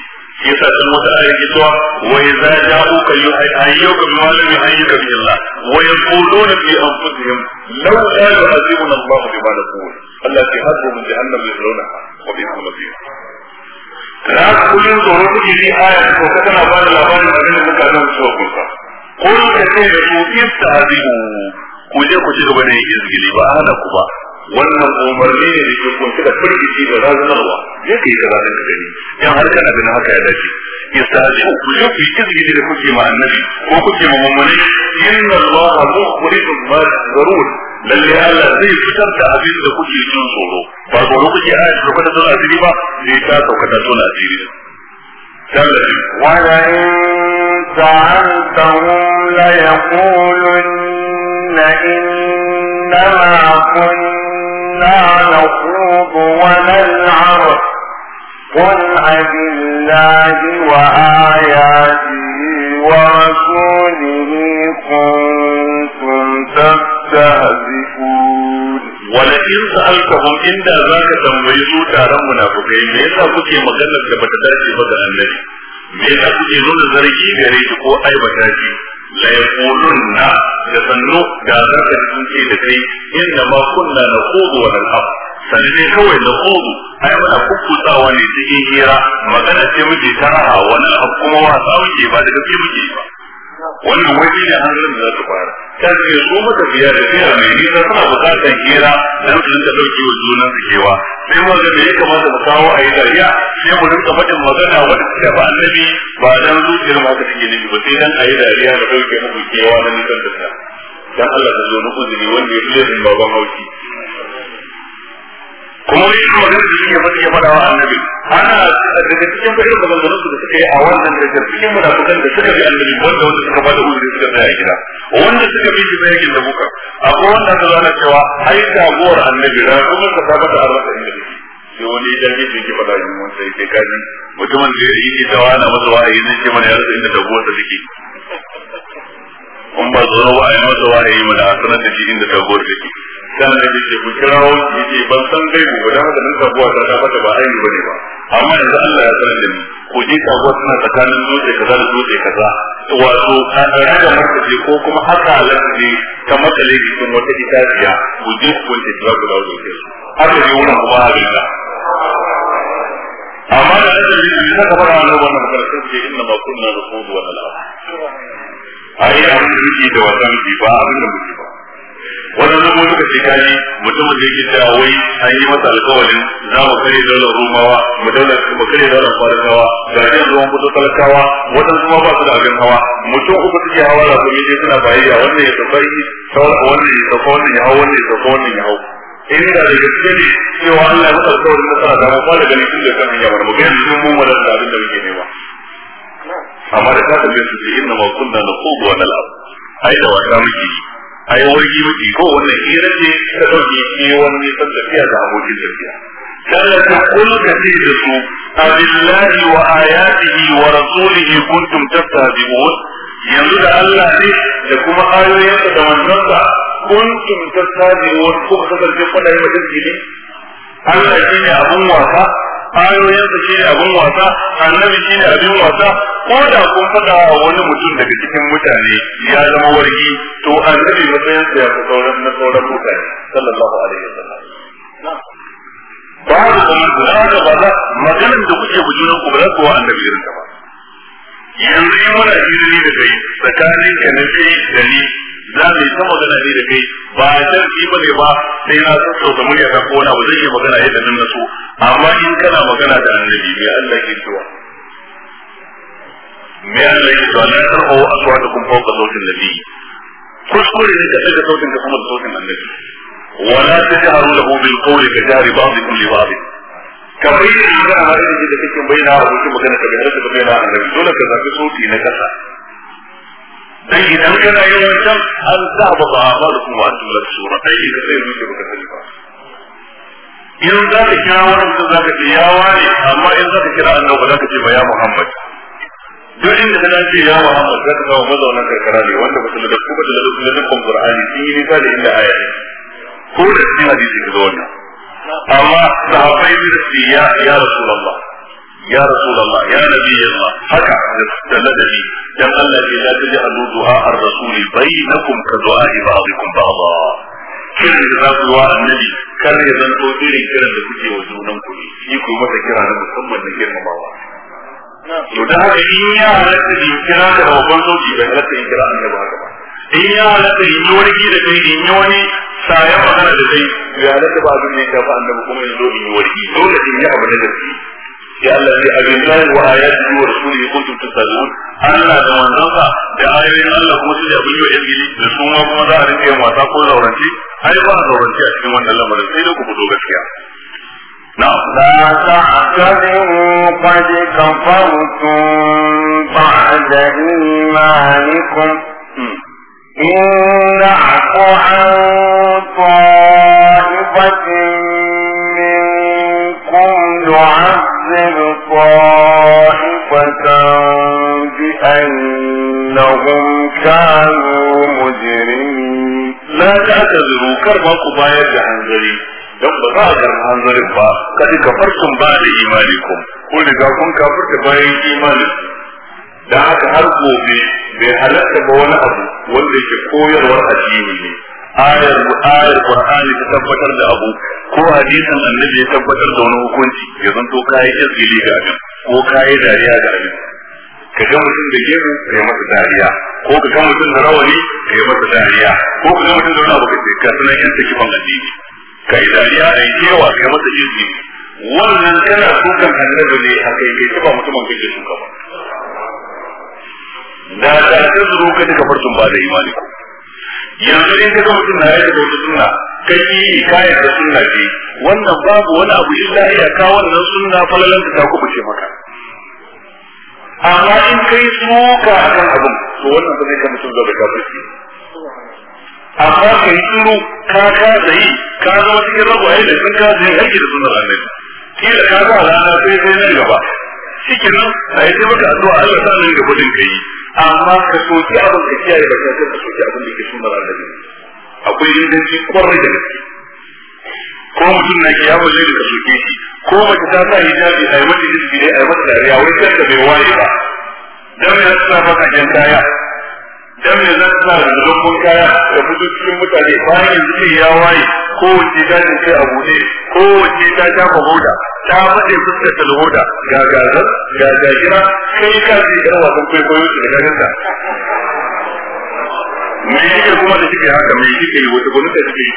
S1: yasa dan wata ayar ke cewa wa idza ja'uka yuhayyuka bi lam yuhayyuka bihi Allah wa yaquluna fi anfusihim law kana azimuna Allah bima naqul Allah ce har gobe jahannam ya zauna wa bi hamadiya da haka kullum tsoro kuke ji aya ko ka na ba labarin abin da mutanen su wa kusa ko ka ce da su istahzi'u ku je ku ci gaba da yin izgili ba hana ku ba wannan umarni ne da ke kunshi da firgici da razanarwa ya kai da ranar da gani yan har kana ganin haka ya dace istahzi'u ku je ku yi izgili da kuke ma annabi ko kuke ma mummuni inna allaha mukhrijun ma zarur lalle Allah zai fitar da abin da kuke jin tsoro ba tsoro kuke aya da kuka tsoro asiri ba sai ta sauka ta tsoro asiri da tallafi walan ta'antahum la yaqulunna innama kunna nakhudu wa nal'ab قل أبالله وآياته ورسوله كنتم تفترون تستهزئون ولئن سألتهم إن ذاك تنبيسوا تارم منافقين ليس كتي مغلق كبتداتي بدا النبي ليس كتي نون زرقي غريت قوة أي بتاتي لا يقولون da sannu da za ka sun da kai ma kunna sanne ne kawai ai kukkutawa ne cikin hira magana ce muke tarawa wani abu kuma wasa muke ba da gaske muke ba wannan waje ne hanzarin da za su fara ta ce su biya da fiya mai nisa suna bukatar hira da su rinka ɗauki wa junan su kewa sai mu ga ya kamata mu kawo a yi dariya sai mu rinka faɗin magana wanda suka ba annabi ba dan zuciyar ma ka take nufi ba sai dan a yi dariya da ɗauke muku kewa na nisan da ta dan Allah da zo na uzuri wanda ya fi laifin baban hauki kuma wani irin magana da yake faɗi ya faɗa wa annabi ana daga cikin fa'ir maganganun da suka yi a wannan daga cikin munafukan da suka bi annabi wanda wanda suka bada uzuri suka tsaya a gida wanda suka bi shi na yakin da muka akwai wanda ta zana cewa ai jagorar annabi da kuma ta tabbata a rasa inda take sai wani idan ne yake faɗa yin wanda yake kaji mutumin da ya yi yake da wani masa wa'ayi zai ce mana ya rasa inda jagorar ta take in ba zo wa'ayi masa yi mana a sanar da shi inda ta take dan da yake ku kirawo yake ban san dai ku da haka nan sabuwa ta ta bata ba aini bane ba amma yanzu Allah ya sanar da ni ku ji sabuwa tana tsakanin dutse kaza da dutse kaza wato an raga martaje ko kuma haka lafi ta matsale cikin wata itaciya ku ji ku ce ta ku dawo da su haka ne wannan kuma halilla amma da ake yi na gaba na wani wannan karshen ce inna ma kunna nufudu wa nal'a ai abin da muke da wasan ba abin da muke ba wannan zama suka ce kaji mutumin da yake cewa wai an yi masa alkawarin za mu kare daular rumawa mu daular mu kare daular farisawa ga jin ruwan fito talakawa waɗansu ma ba su da abin hawa mutum uku suke hawa da kuma yake suna bayayya wannan ya tafi wannan ya tafi wannan ya hau wannan ya tafi wannan ya hau in da da gaske ne cewa Allah ya masa alkawarin nasara da mu fara ganin tun da kan hanya mu ga yanzu mun mu da abin da muke nema amma da ka tabbata inna ma kunna naqudu wa nal'ab ai da wata muke yi? a yi wargi maki ko wannan hira ne ta ɗauki kewan nisan tafiya da abokin tafiya kada ta kula ka ce da su a billahi wa ayatihi wa rasulihi kuntum tattabi'un yanzu da Allah ne da kuma ayoyinsa da manzonsa kuntum tattabi'un ko ka kasance kuna mutum ne Allah shi ne abun wasa ayoyinsa shi ne abun wasa annabi shi ne abin wasa ko da kun faɗa a wani mutum daga cikin mutane ya zama wargi to annabi matsayinsa ya fi sauran na sauran mutane sallallahu alaihi wasallam babu kuma da da ba za maganar da kuke ku bujunan ku ba za ku wa annabi irin ta ba yanzu in muna izini da kai tsakanin ka na kai da ni za mu yi ta magana ne da kai ba a sharfi ba ne ba sai na sassauta murya ka ko wani abu zai yi magana yadda nan na so amma in kana magana da annabi mai Allah ke cewa mai Allah ke cewa na tarho aswa da kun fauka sautin nabi kuskure ne ka da sautin ka sama da sautin annabi wala tajharu lahu bil qawli ka jahri ba'dikum li ba'd ka da a harin da kake bayyana abokin magana ka bayyana ka bayyana annabi dole ka zafi sauti na kasa dan idan kana yin wancan an sa ba ba ba da kuma a cikin sura dai idan zai wuce baka sani ba in za ka kira wani mutum za ka ce ya wani amma in za ka kira annabi za ka ce ba ya muhammad duk inda ka dace ya muhammad za ka samu mazaunan karkara ne wanda ba su da ku ba da su da dukkan qur'ani sun yi nisa da inda aya ne ko da cikin hadisi ka zo wannan amma sahabbai da su ya ya rasulullah ya rasulullah ya nabi Allah haka da ladabi dan Allah ya la taj'alu du'a ar-rasul bainakum ka du'a ba'dikum ba'dha kiran da za ku yi wa annabi kar ya zanto kiran da kuke wa junan ku ne shi ku masa kira na musamman da girmamawa to da haka in ya halatta in kira ka da babban sauki bai halatta in kira annabi haka ba in ya da da ba abin da ya kuma zo dole in yi ya Allah bi abillahi wa ayatihi wa rasulihi kuntum tastazun Allah da manzonsa da ayoyin Allah kuma su da abin yau ilgili da su ma kuma za a rinke yin wasa ko zauranci ai ba zauranci a cikin wannan lamarin sai da ku fito gaskiya لا تعتذروا قد كفرتم بعد إيمانكم إن نعف عن طائفة منكم نعذب تعذب طائفة بأنهم كانوا مجرمين لا تعتذروا كرما قبايا بحنزري don ba za a karɓi hanzarin ba Kaɗi kafartun ba da imanikum kun riga kun kafarta bayan imanin da haka har gobe bai halatta ba wani abu wanda ke koyarwar addini ne ayar ayar qur'ani ta tabbatar da abu ko hadisin annabi ya tabbatar da wani hukunci ya zanto kai zili ga abin ko kai dariya ga abin ka ga mutum da gemu ka yi masa dariya ko ka ga mutum da rawani ka yi masa dariya ko ka ga mutum da wani abu ka ce ka sanar yan ban addini ka yi dariya a yi kewa ka yi masa izgili wannan kana sukan annabi ne a kai kai ba mutumin kake suka ba da da ta zuru ka duka farkon ba da imani ko yanzu in ka ga mutum na yadda da suna, kai yi kayan da suna ce wannan babu wani abu a iya kawo wannan sunna falalan ta ku ce maka amma in kai suka akan abin to wannan ba zai ka mutum zaba kafirci amma ka yi tsuru ka ka yi ka zama cikin ragwaye da sun ka tsayi aiki da sunan annabi kila ka ga rana sai sai nan gaba cikin nan a yi taimaka addu'a Allah sa nan gaba din ka yi amma ka soki abin da kiyaye ba ka ka soki abin da ke da annabi akwai rinjanci kwarai da gaske ko mutum na kiyaye wajen da ka soke shi ko mace ta sa hijabi a yi mata hijabi a yi mata dariya wai sai da bai waye ba dan mai rasa ba ka ya dan me zan sa da zagon kaya da fito cikin mutane bayan yanzu ne ya waye ko wace gadin kai a bude ko wace ta ta hoda ta fade fuskar ta hoda ga gazan ga jagira kai ka ji da wasan kwaikwayo da gadin ta me yake kuma da shi haka me yake wata gwamnati take yi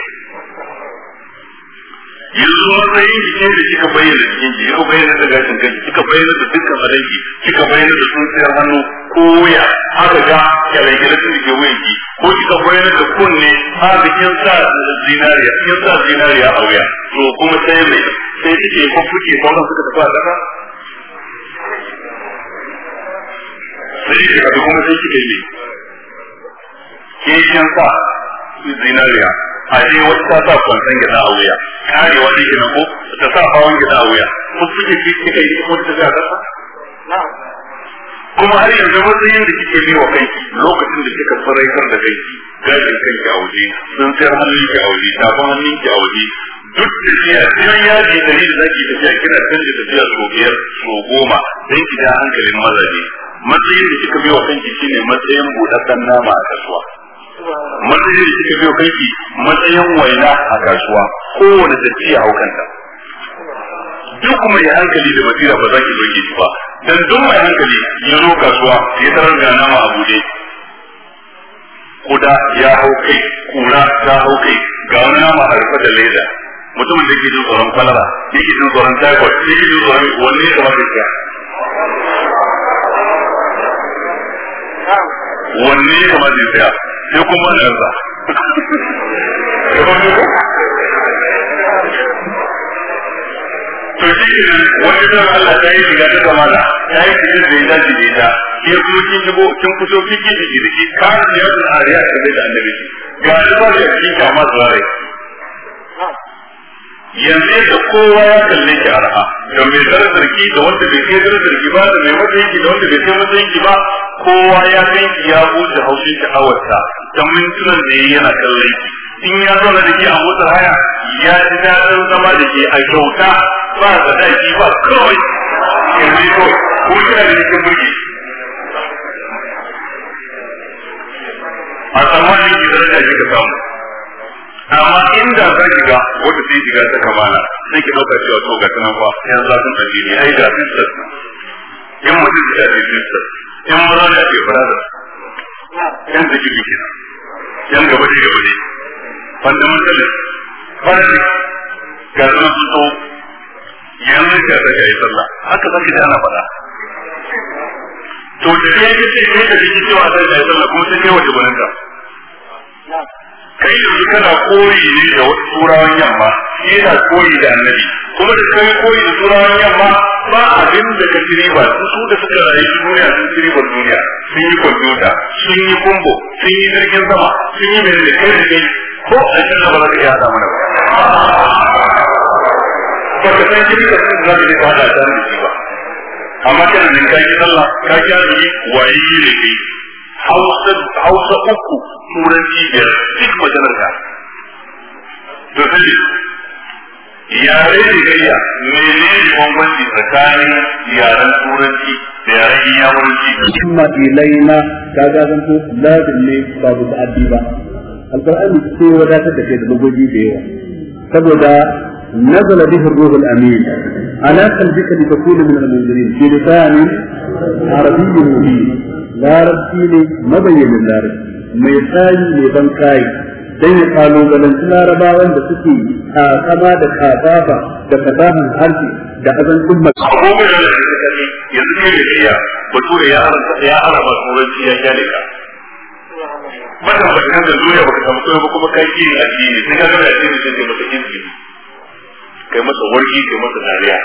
S1: yanzu matsayin jikin da kika bayyana cikin ki kika bayyana da gashin kai kika bayyana da dukkan adanki kika bayyana da tsuntsiyar hannu ko wuya har ga kyalangyalar da ke wuyan ki ko kika bayyana da kunne har da kin sa zinariya kin sa zinariya a wuya to kuma sai mai sai kike ko kuke ko suka tafi a kasa sai kika kuma sai kike ne ke kin sa zinariya a je wata ta sa kwanton gida a wuya karewa ne kenan ko ta sa bawon gida a wuya ko suke fi kika yi kuma ta ga kasa kuma har yanzu matsayin da kike bi wa kanki lokacin da kika faraikar da kanki gashin kanki a waje sun sayar hannun ki a waje tafin hannun ki a waje duk da shi a cikin yaji dari da zaki tafiya kina canji tafiya sau biyar so goma don ki ja hankalin mazaje matsayin da kika bi wa kanki shine matsayin buɗaɗɗen nama a kasuwa matsayin da suka biyo kanki matsayin waina a kasuwa kowane tafiya a haukanta duk mai hankali da basira ba za ki doke shi ba dan duk mai hankali ya zo kasuwa ya tarar da nama a bude kuda ya hau kai kura ta hau kai ga wani nama rufe da leda mutumin da ke jin tsoron kwalara ke jin tsoron typhoid ke jin tsoron wanne ya kamata ya wanne ya kamata ya sai kuma wani yarda to shi ne wani zan Allah ta yi shiga ta ta yi shiga da ya dace da ita ke kuma kin shigo kin fito kin ke jiki da shi kayan da yawon ariya ta da annabi shi ga ba da shi kama zuwa rai yanzu da kowa ya kalle ki arha da mai darajar ki da wanda bai kai darajar ki ba da mai matsayin ki da wanda bai kai matsayin ki ba kowa ya kai ki ya goce haushi ki awarta dan mintunan da yayi yana kallon ki in ya zauna da ke a motar haya ya ji daɗin zama da ke a kyauta ba sadaki ba kawai yanzu kawai ko kina da nake burge a tsammanin ki darajar ke ka samu amma inda za ki ga wata sai shiga ta kamana sai ki dauka cewa to ga tunan fa yanzu za sun tsaje ne ai da fiskas in mutum ya ce fiskas in mura ya ce brother yan zaki biki na yan gaba da gaba ne fundamental farzi ga zama sun tsawo yanzu ka ta ga yi sallah haka za ki da ana faɗa to da ya ce sai ka ji cewa sai ka yi sallah kuma sai kai wata gwaninta kai yanzu kana koyi ne da wasu turawan yamma yana koyi da annabi kuma da kai koyi da turawan yamma ba abin da ka ci riba su da suka rayu duniya sun ci ribar duniya sun yi kwamfuta sun yi kumbo sun yi jirgin sama sun yi mai da kai da kai ko a cikin da ba za ka iya hada mana ba ba ka san kiri ka san da za ka je ka hada ta da ba amma kana nan ka yi sallah ka ji azumi waye ne kai hausa hausa uku turanci biyar duk maganar ka to sai yare da gayya mene ne bambanci tsakanin yaren turanci da yaren yawanci kuma ilaina ka ga zan to ladin ne babu ta'addi ba alqur'ani sai wadatar da kai da lugogi da yawa saboda نزل به الروح الامين على قلبك لتكون من المنذرين بلسان عربي مبين larabci ne mabayyanin larabci mai tsari mai ban kayi dan ya kalubalanci larabawan da suke kakama da kafafa da fasahar harshe da azan azancin mace. yanzu ne da ya bature ya araba turanci ya kyale ka. Mata ba kan da ba baka samu ko ba kuma kai ki addini sai ka gama addini da kai masa kinki. Kai masa warki kai masa dariya.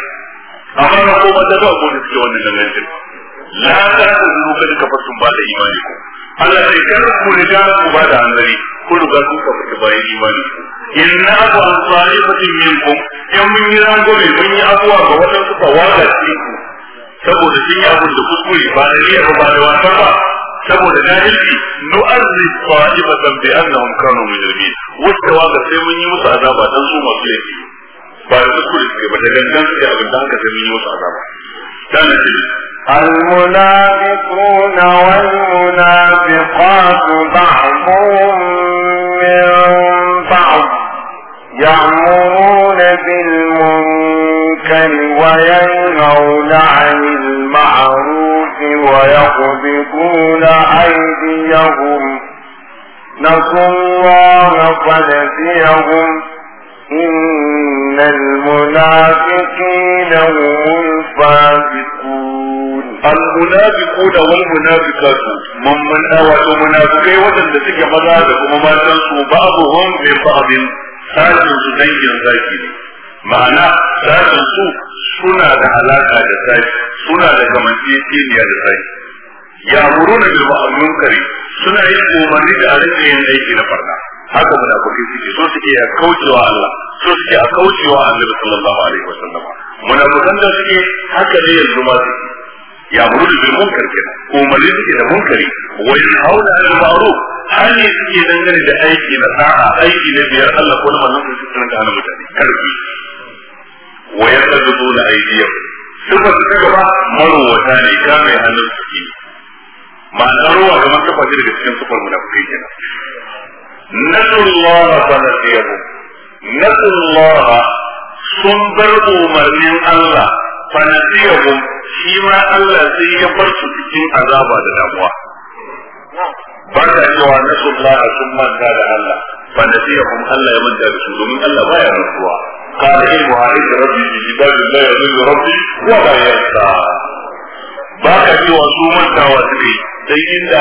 S1: Amma ko koma da ba ko da suke wannan dangantin. la ta zuru kada ka fasu ba da imani ku Allah sai kar ku riga ku ba da hanzari ku riga ku ka fita bayan imani ku inna abu an salifatin minkum in mun yi rangwame mun yi abuwa ga waɗansu tawaga ce ku saboda sun yi abin da kuskure ba da niyyar ba da wasa ba saboda jahilci nu'arrif qa'ibatan bi annahum kanu mujrimin Wata waga sai mun yi musu azaba dan su masu laifi ba da kuskure suke ba da gangan suke abin da aka sai mun yi musu azaba المنافقون والمنافقات بعضهم من بعض يأمرون بالمنكر وينهون عن المعروف ويقبضون أيديهم نسوا الله فنسيهم إن المنافقين هم الفاسقون المنافقون والمنافقات من من أوى المنافقين وزن لتك مذاهب وما تنسوا بعضهم ببعض سالم سنين ذاكرين ma'ana sashen su suna da alaka da sashi suna da kamanceceniya da sashi ya muru na bilba a suna yin umarni da a yin aiki na farna haka munafikai suke so suke a kaucewa Allah so suke a kaucewa Annabi sallallahu alaihi wasallam munafikan da suke haka ne yanzu ma suke ya muru bil munkar kenan umarni suke da munkari wa yanhauna al ma'ruf hali suke dangane da aiki na sa'a aiki na biyar Allah ko na manzon su suka hana mutane karfi wa yaqduna aydiyahum sifar ta gaba marowata ne kame hannun suke ma'anar ruwa kamar kafa daga cikin sufar munafikai kenan nasu Allah fanasiyahu sun bar umarnin Allah fanasiyahu shi ma Allah sai ya bar su cikin azaba da damuwa ba ta cewa nasu Allah sun manta da Allah fanasiyahum Allah ya da su domin Allah baya قال علمها عند ربي في كتاب لا ربي ولا ينسى ba ka cewa su mantawa suka yi sai in da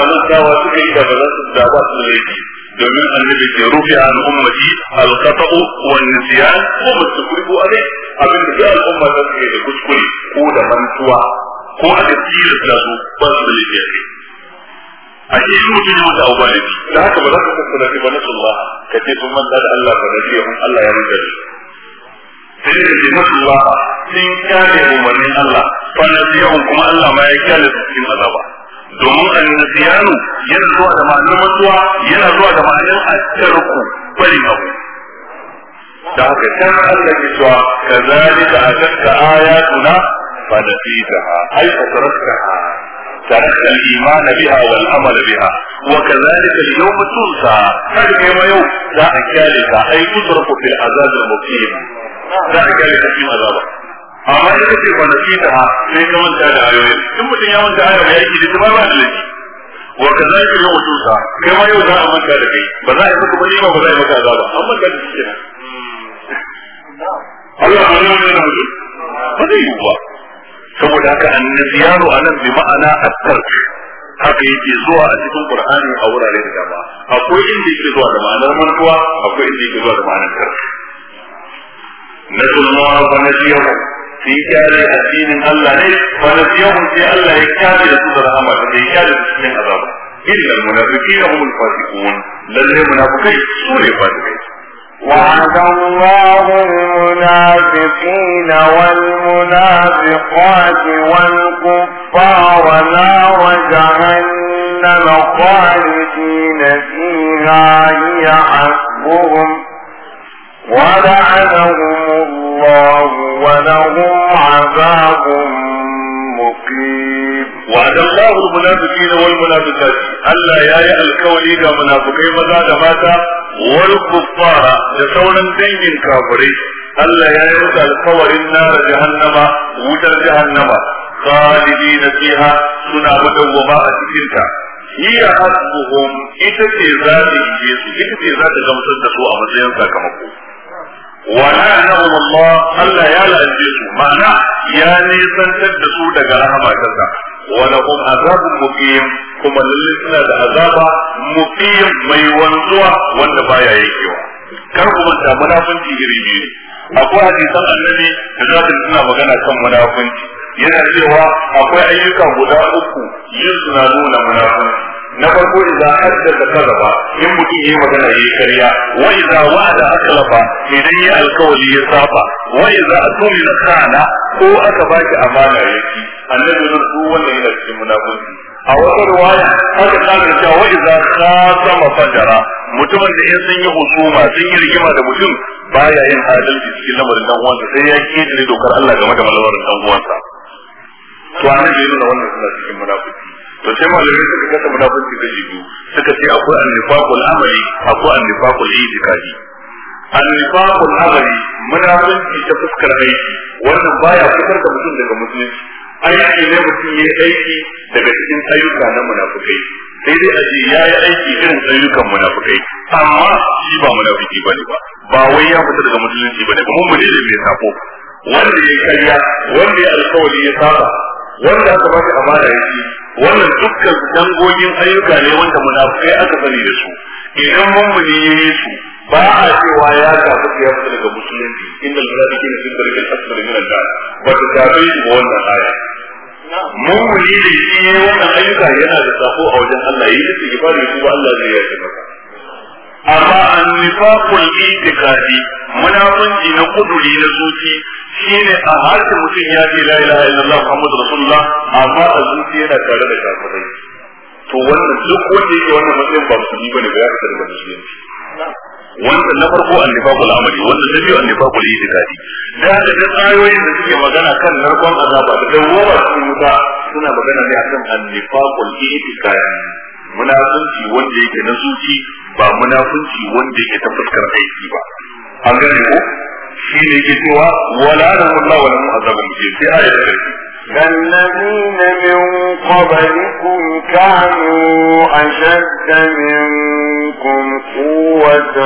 S1: suka yi domin annabi ke rufe an ummati al-qata'u wa nisyan wa mustaqribu ko abin da ya al'umma ta ke da kuskure ko da mantuwa ko a da tilasta su ba su da yake a ce shi mutum ya abu ba da haka ba za ka kuskura ba na sulla ka ce sun manta da Allah ba da shi Allah ya rufe shi sai da ce masu ba sun kyale umarnin Allah fa na kuma Allah ma ya kyale su cikin azaba domin annisiyanu yana zuwa da ma'anar mutuwa yana zuwa da ma'anar attarku bari abu da haka kan Allah ke cewa kazalika atatka ayatuna fa nasitaha ay fatraktaha
S2: ترك الإيمان بها والعمل بها
S1: وكذلك اليوم تنسى ذلك يوم يوم ذلك أي تترك في العذاب المقيم ذلك في عذابه amma da kake ba na fita sai ka manta da ayoyi in mutum ya manta ayoyi ya yi da ba ba da laifi wa yi wa tusa kai ma yau za a manta da kai ba za a yi maka bani ba ba za a yi maka azaba an manta da shi Allah ya nuna na mutum ba zai yi ba saboda haka annabiyanu anan bi ma'ana at-tark haka yake zuwa a cikin Qur'ani a wurare da dama akwai inda yake zuwa da ma'anar mantuwa akwai inda yake zuwa da ma'anar tark نسوا الله فنسيهم su yi kyale addinin Allah ne wani yawon sai Allah ya kyale da su da rahama da bai kyale da cikin azaba illa munafiqina humul fasiqun lalle munafikai su ne fasikai وعد الله المنافقين والمنافقات والكفار نار جهنم خالدين فيها هي حسبهم ولعنهم الله ولهم عذاب مقيم وعد الله المنافقين والمنافقات ألا يا يا الكولي دا منافقين ماذا دا ماتا والكفار دا سولا دين كافري ألا يا يا الكولي النار جهنم وجر جهنم خالدين فيها سنا مدوما أتكلتا هي حسبهم إتتي ذات الجيس إتتي ذات جمسد سوء مسيح ساكمكو wa la'anahum Allah Allah ya la'anje su ma'ana ya nisantar da su daga rahama kansa wa lahum azabun muqim kuma lalle suna da azaba muqim mai wanzuwa wanda baya yankewa kar ku manta munafunci iri biyu akwai hadisan annabi da zaka suna magana kan munafunci yana cewa akwai ayyuka guda uku yin na nuna munafiki na farko idan haddasa kazaba in mutum yayi magana yayi karya wa idan wa'ada akhlafa idan ya alkawali ya saba wa idan atumina kana ko aka baki amana yake annabi ne su wannan yana cikin munafiki a wata ruwaya haka kana cewa wa idan khasama fajara mutumin da ya sun yi husuma sun yi rigima da mutum baya yin adalci cikin lamarin dan uwansa sai ya kiyade dokar Allah game da lamarin dan uwansa to an ya nuna wannan suna cikin munafiki to sai malamai kake kasa munafiki da biyu suka ce akwai annifaqul amali akwai annifaqul itikadi annifaqul amali munafiki ta fuskar aiki wannan baya fitar da mutum daga musulunci aiki ne mutum ya aiki daga cikin ayyuka na munafikai sai dai aji ya yi aiki irin ayyukan munafikai amma shi ba munafiki bane ba ba wai ya fita daga musulunci bane kuma mun ne mai sako wanda ya karya wanda ya alkawari ya saba wanda aka ba shi amana ya ci wannan dukkan dangogin ayyuka ne wanda munafukai aka sani da su idan mummuni ya yi su ba a cewa ya tafi ya fita daga musulunci inda da ne sun barkin asibiri ne da ba ta tafi shi ba wannan aya mummuni da shi wannan ayyuka yana da sako a wajen Allah yi da su ibada ba Allah zai yi maka amma an nifaqul itiqadi munafunci na kuduri na zuci shine a harshen mutum ya ce la ilaha illallah muhammadu rasulullah amma a zuci yana tare da kafirai to wannan duk wanda yake wannan matsayin ba musulmi bane ba ya fitar da musulunci
S2: Wannan na farko annifaqul amali wanda na biyu annifaqul
S1: itiqadi da da duk ayoyin da suke magana kan narkon azaba da dawwara cikin wuta suna magana ne akan annifaqul itiqadi munafunci wanda yake na zuci ba munafunci wanda yake ta fuskar aiki ba an gane ko shi ne yake cewa wala da wallahi wala mu azabu mutum sai ayat da الذين من قبلكم كانوا أشد منكم قوة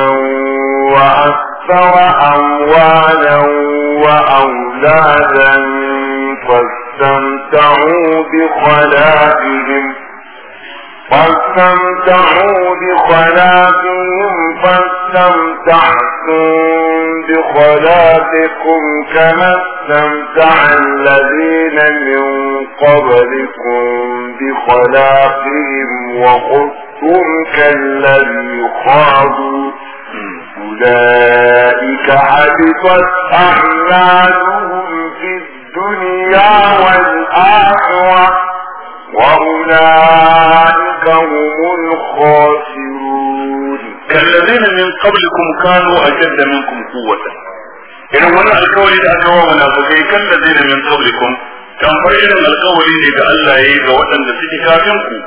S1: وأكثر أموالا وأولادا فاستمتعوا بخلاقهم فاستمتعوا بخلاقهم فاستمتعتم بخلاقكم كما استمتع الذين من قبلكم بخلاقهم وخذتم كالذي خاضوا أولئك حبطت أعمالهم في الدنيا والآخرة وأولئك هم الخاسرون كالذين من قبلكم كانوا أجد منكم قوة إذا وانا الكولي دا أنه منافقين كالذين من قبلكم كان فريدا الكولي إذا ألا يجا وطن لسيك كافنكم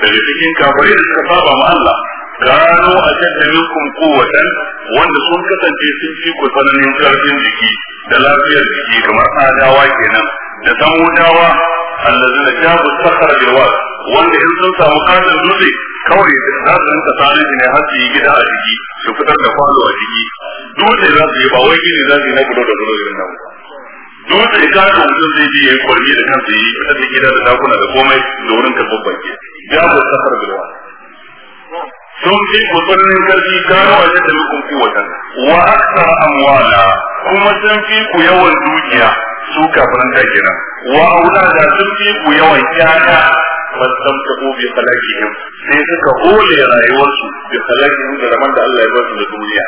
S1: فلسيكين كان فريدا كفابا مع الله كانوا أجد منكم قوة وانا سنكة تيسيك وطنن ينكارفين لكي دلافيا لكي كما آداوا كنا da samudawa allazina jabu sakara bil wanda in sun samu katin dutse kawai za su rinka tsarin ne har su yi gida a jiki, su fitar da kwano a jiki. dutse za su yi ba wai gini za su yi na gudu da gudu irin nan dutse ka ta zai je yayin kwarki da kansa yi fitar da gida da dakuna da komai da wurin karɓar banki jabu sakara bil wad sun fi kusurnin karfi karo yadda rukun fi wajen wa aksar kuma sun fi ku yawan dukiya su kafin ta da sun fi ku yawan kyaka man san ta bi halakihim sai suka hole rayuwarsu bi halakihim da raman da Allah ya ba su da duniya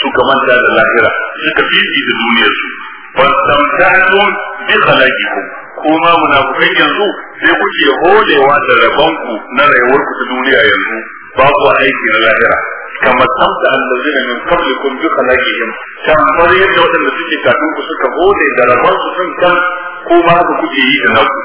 S1: su kamanta da lahira suka fi da duniyarsu man san ta bi halakihim kuma munafukai yanzu sai kuke holewa da rabanku na rayuwarku ta duniya yanzu babu aiki na lahira kamar samta allazina min qablikum bi kan kamar yadda wadanda suke kafin ku suka bude da rabon su sun kan ko ba ku kuke yi da naku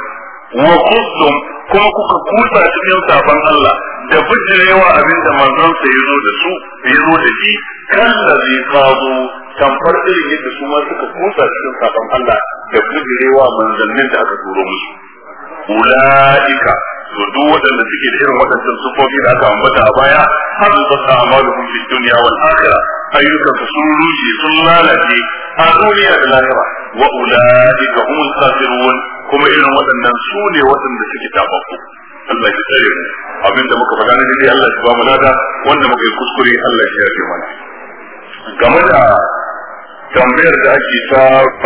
S1: wa kuntum kuma kuka kusa cikin sabon Allah da bujirewa abin da manzon sa yazo da su yazo da shi zai kawo kan farɗin yadda su ma suka kusa cikin sabon Allah da bijirewa manzannin da aka turo musu ulaika to duk waɗanda suke da irin waɗannan sufofi da aka ambata a baya har da sa amalukum fi dunya wal akhirah ayyukan su sun rushe sun lalace a duniya da lahira wa ulaika humul khasirun kuma irin waɗannan su ne waɗanda suke tababbu Allah ya tsare mu abinda muka faɗa ne dai Allah ya ba mu lada wanda muka yi kuskure Allah ya yafe mana game da tambayar da ake ta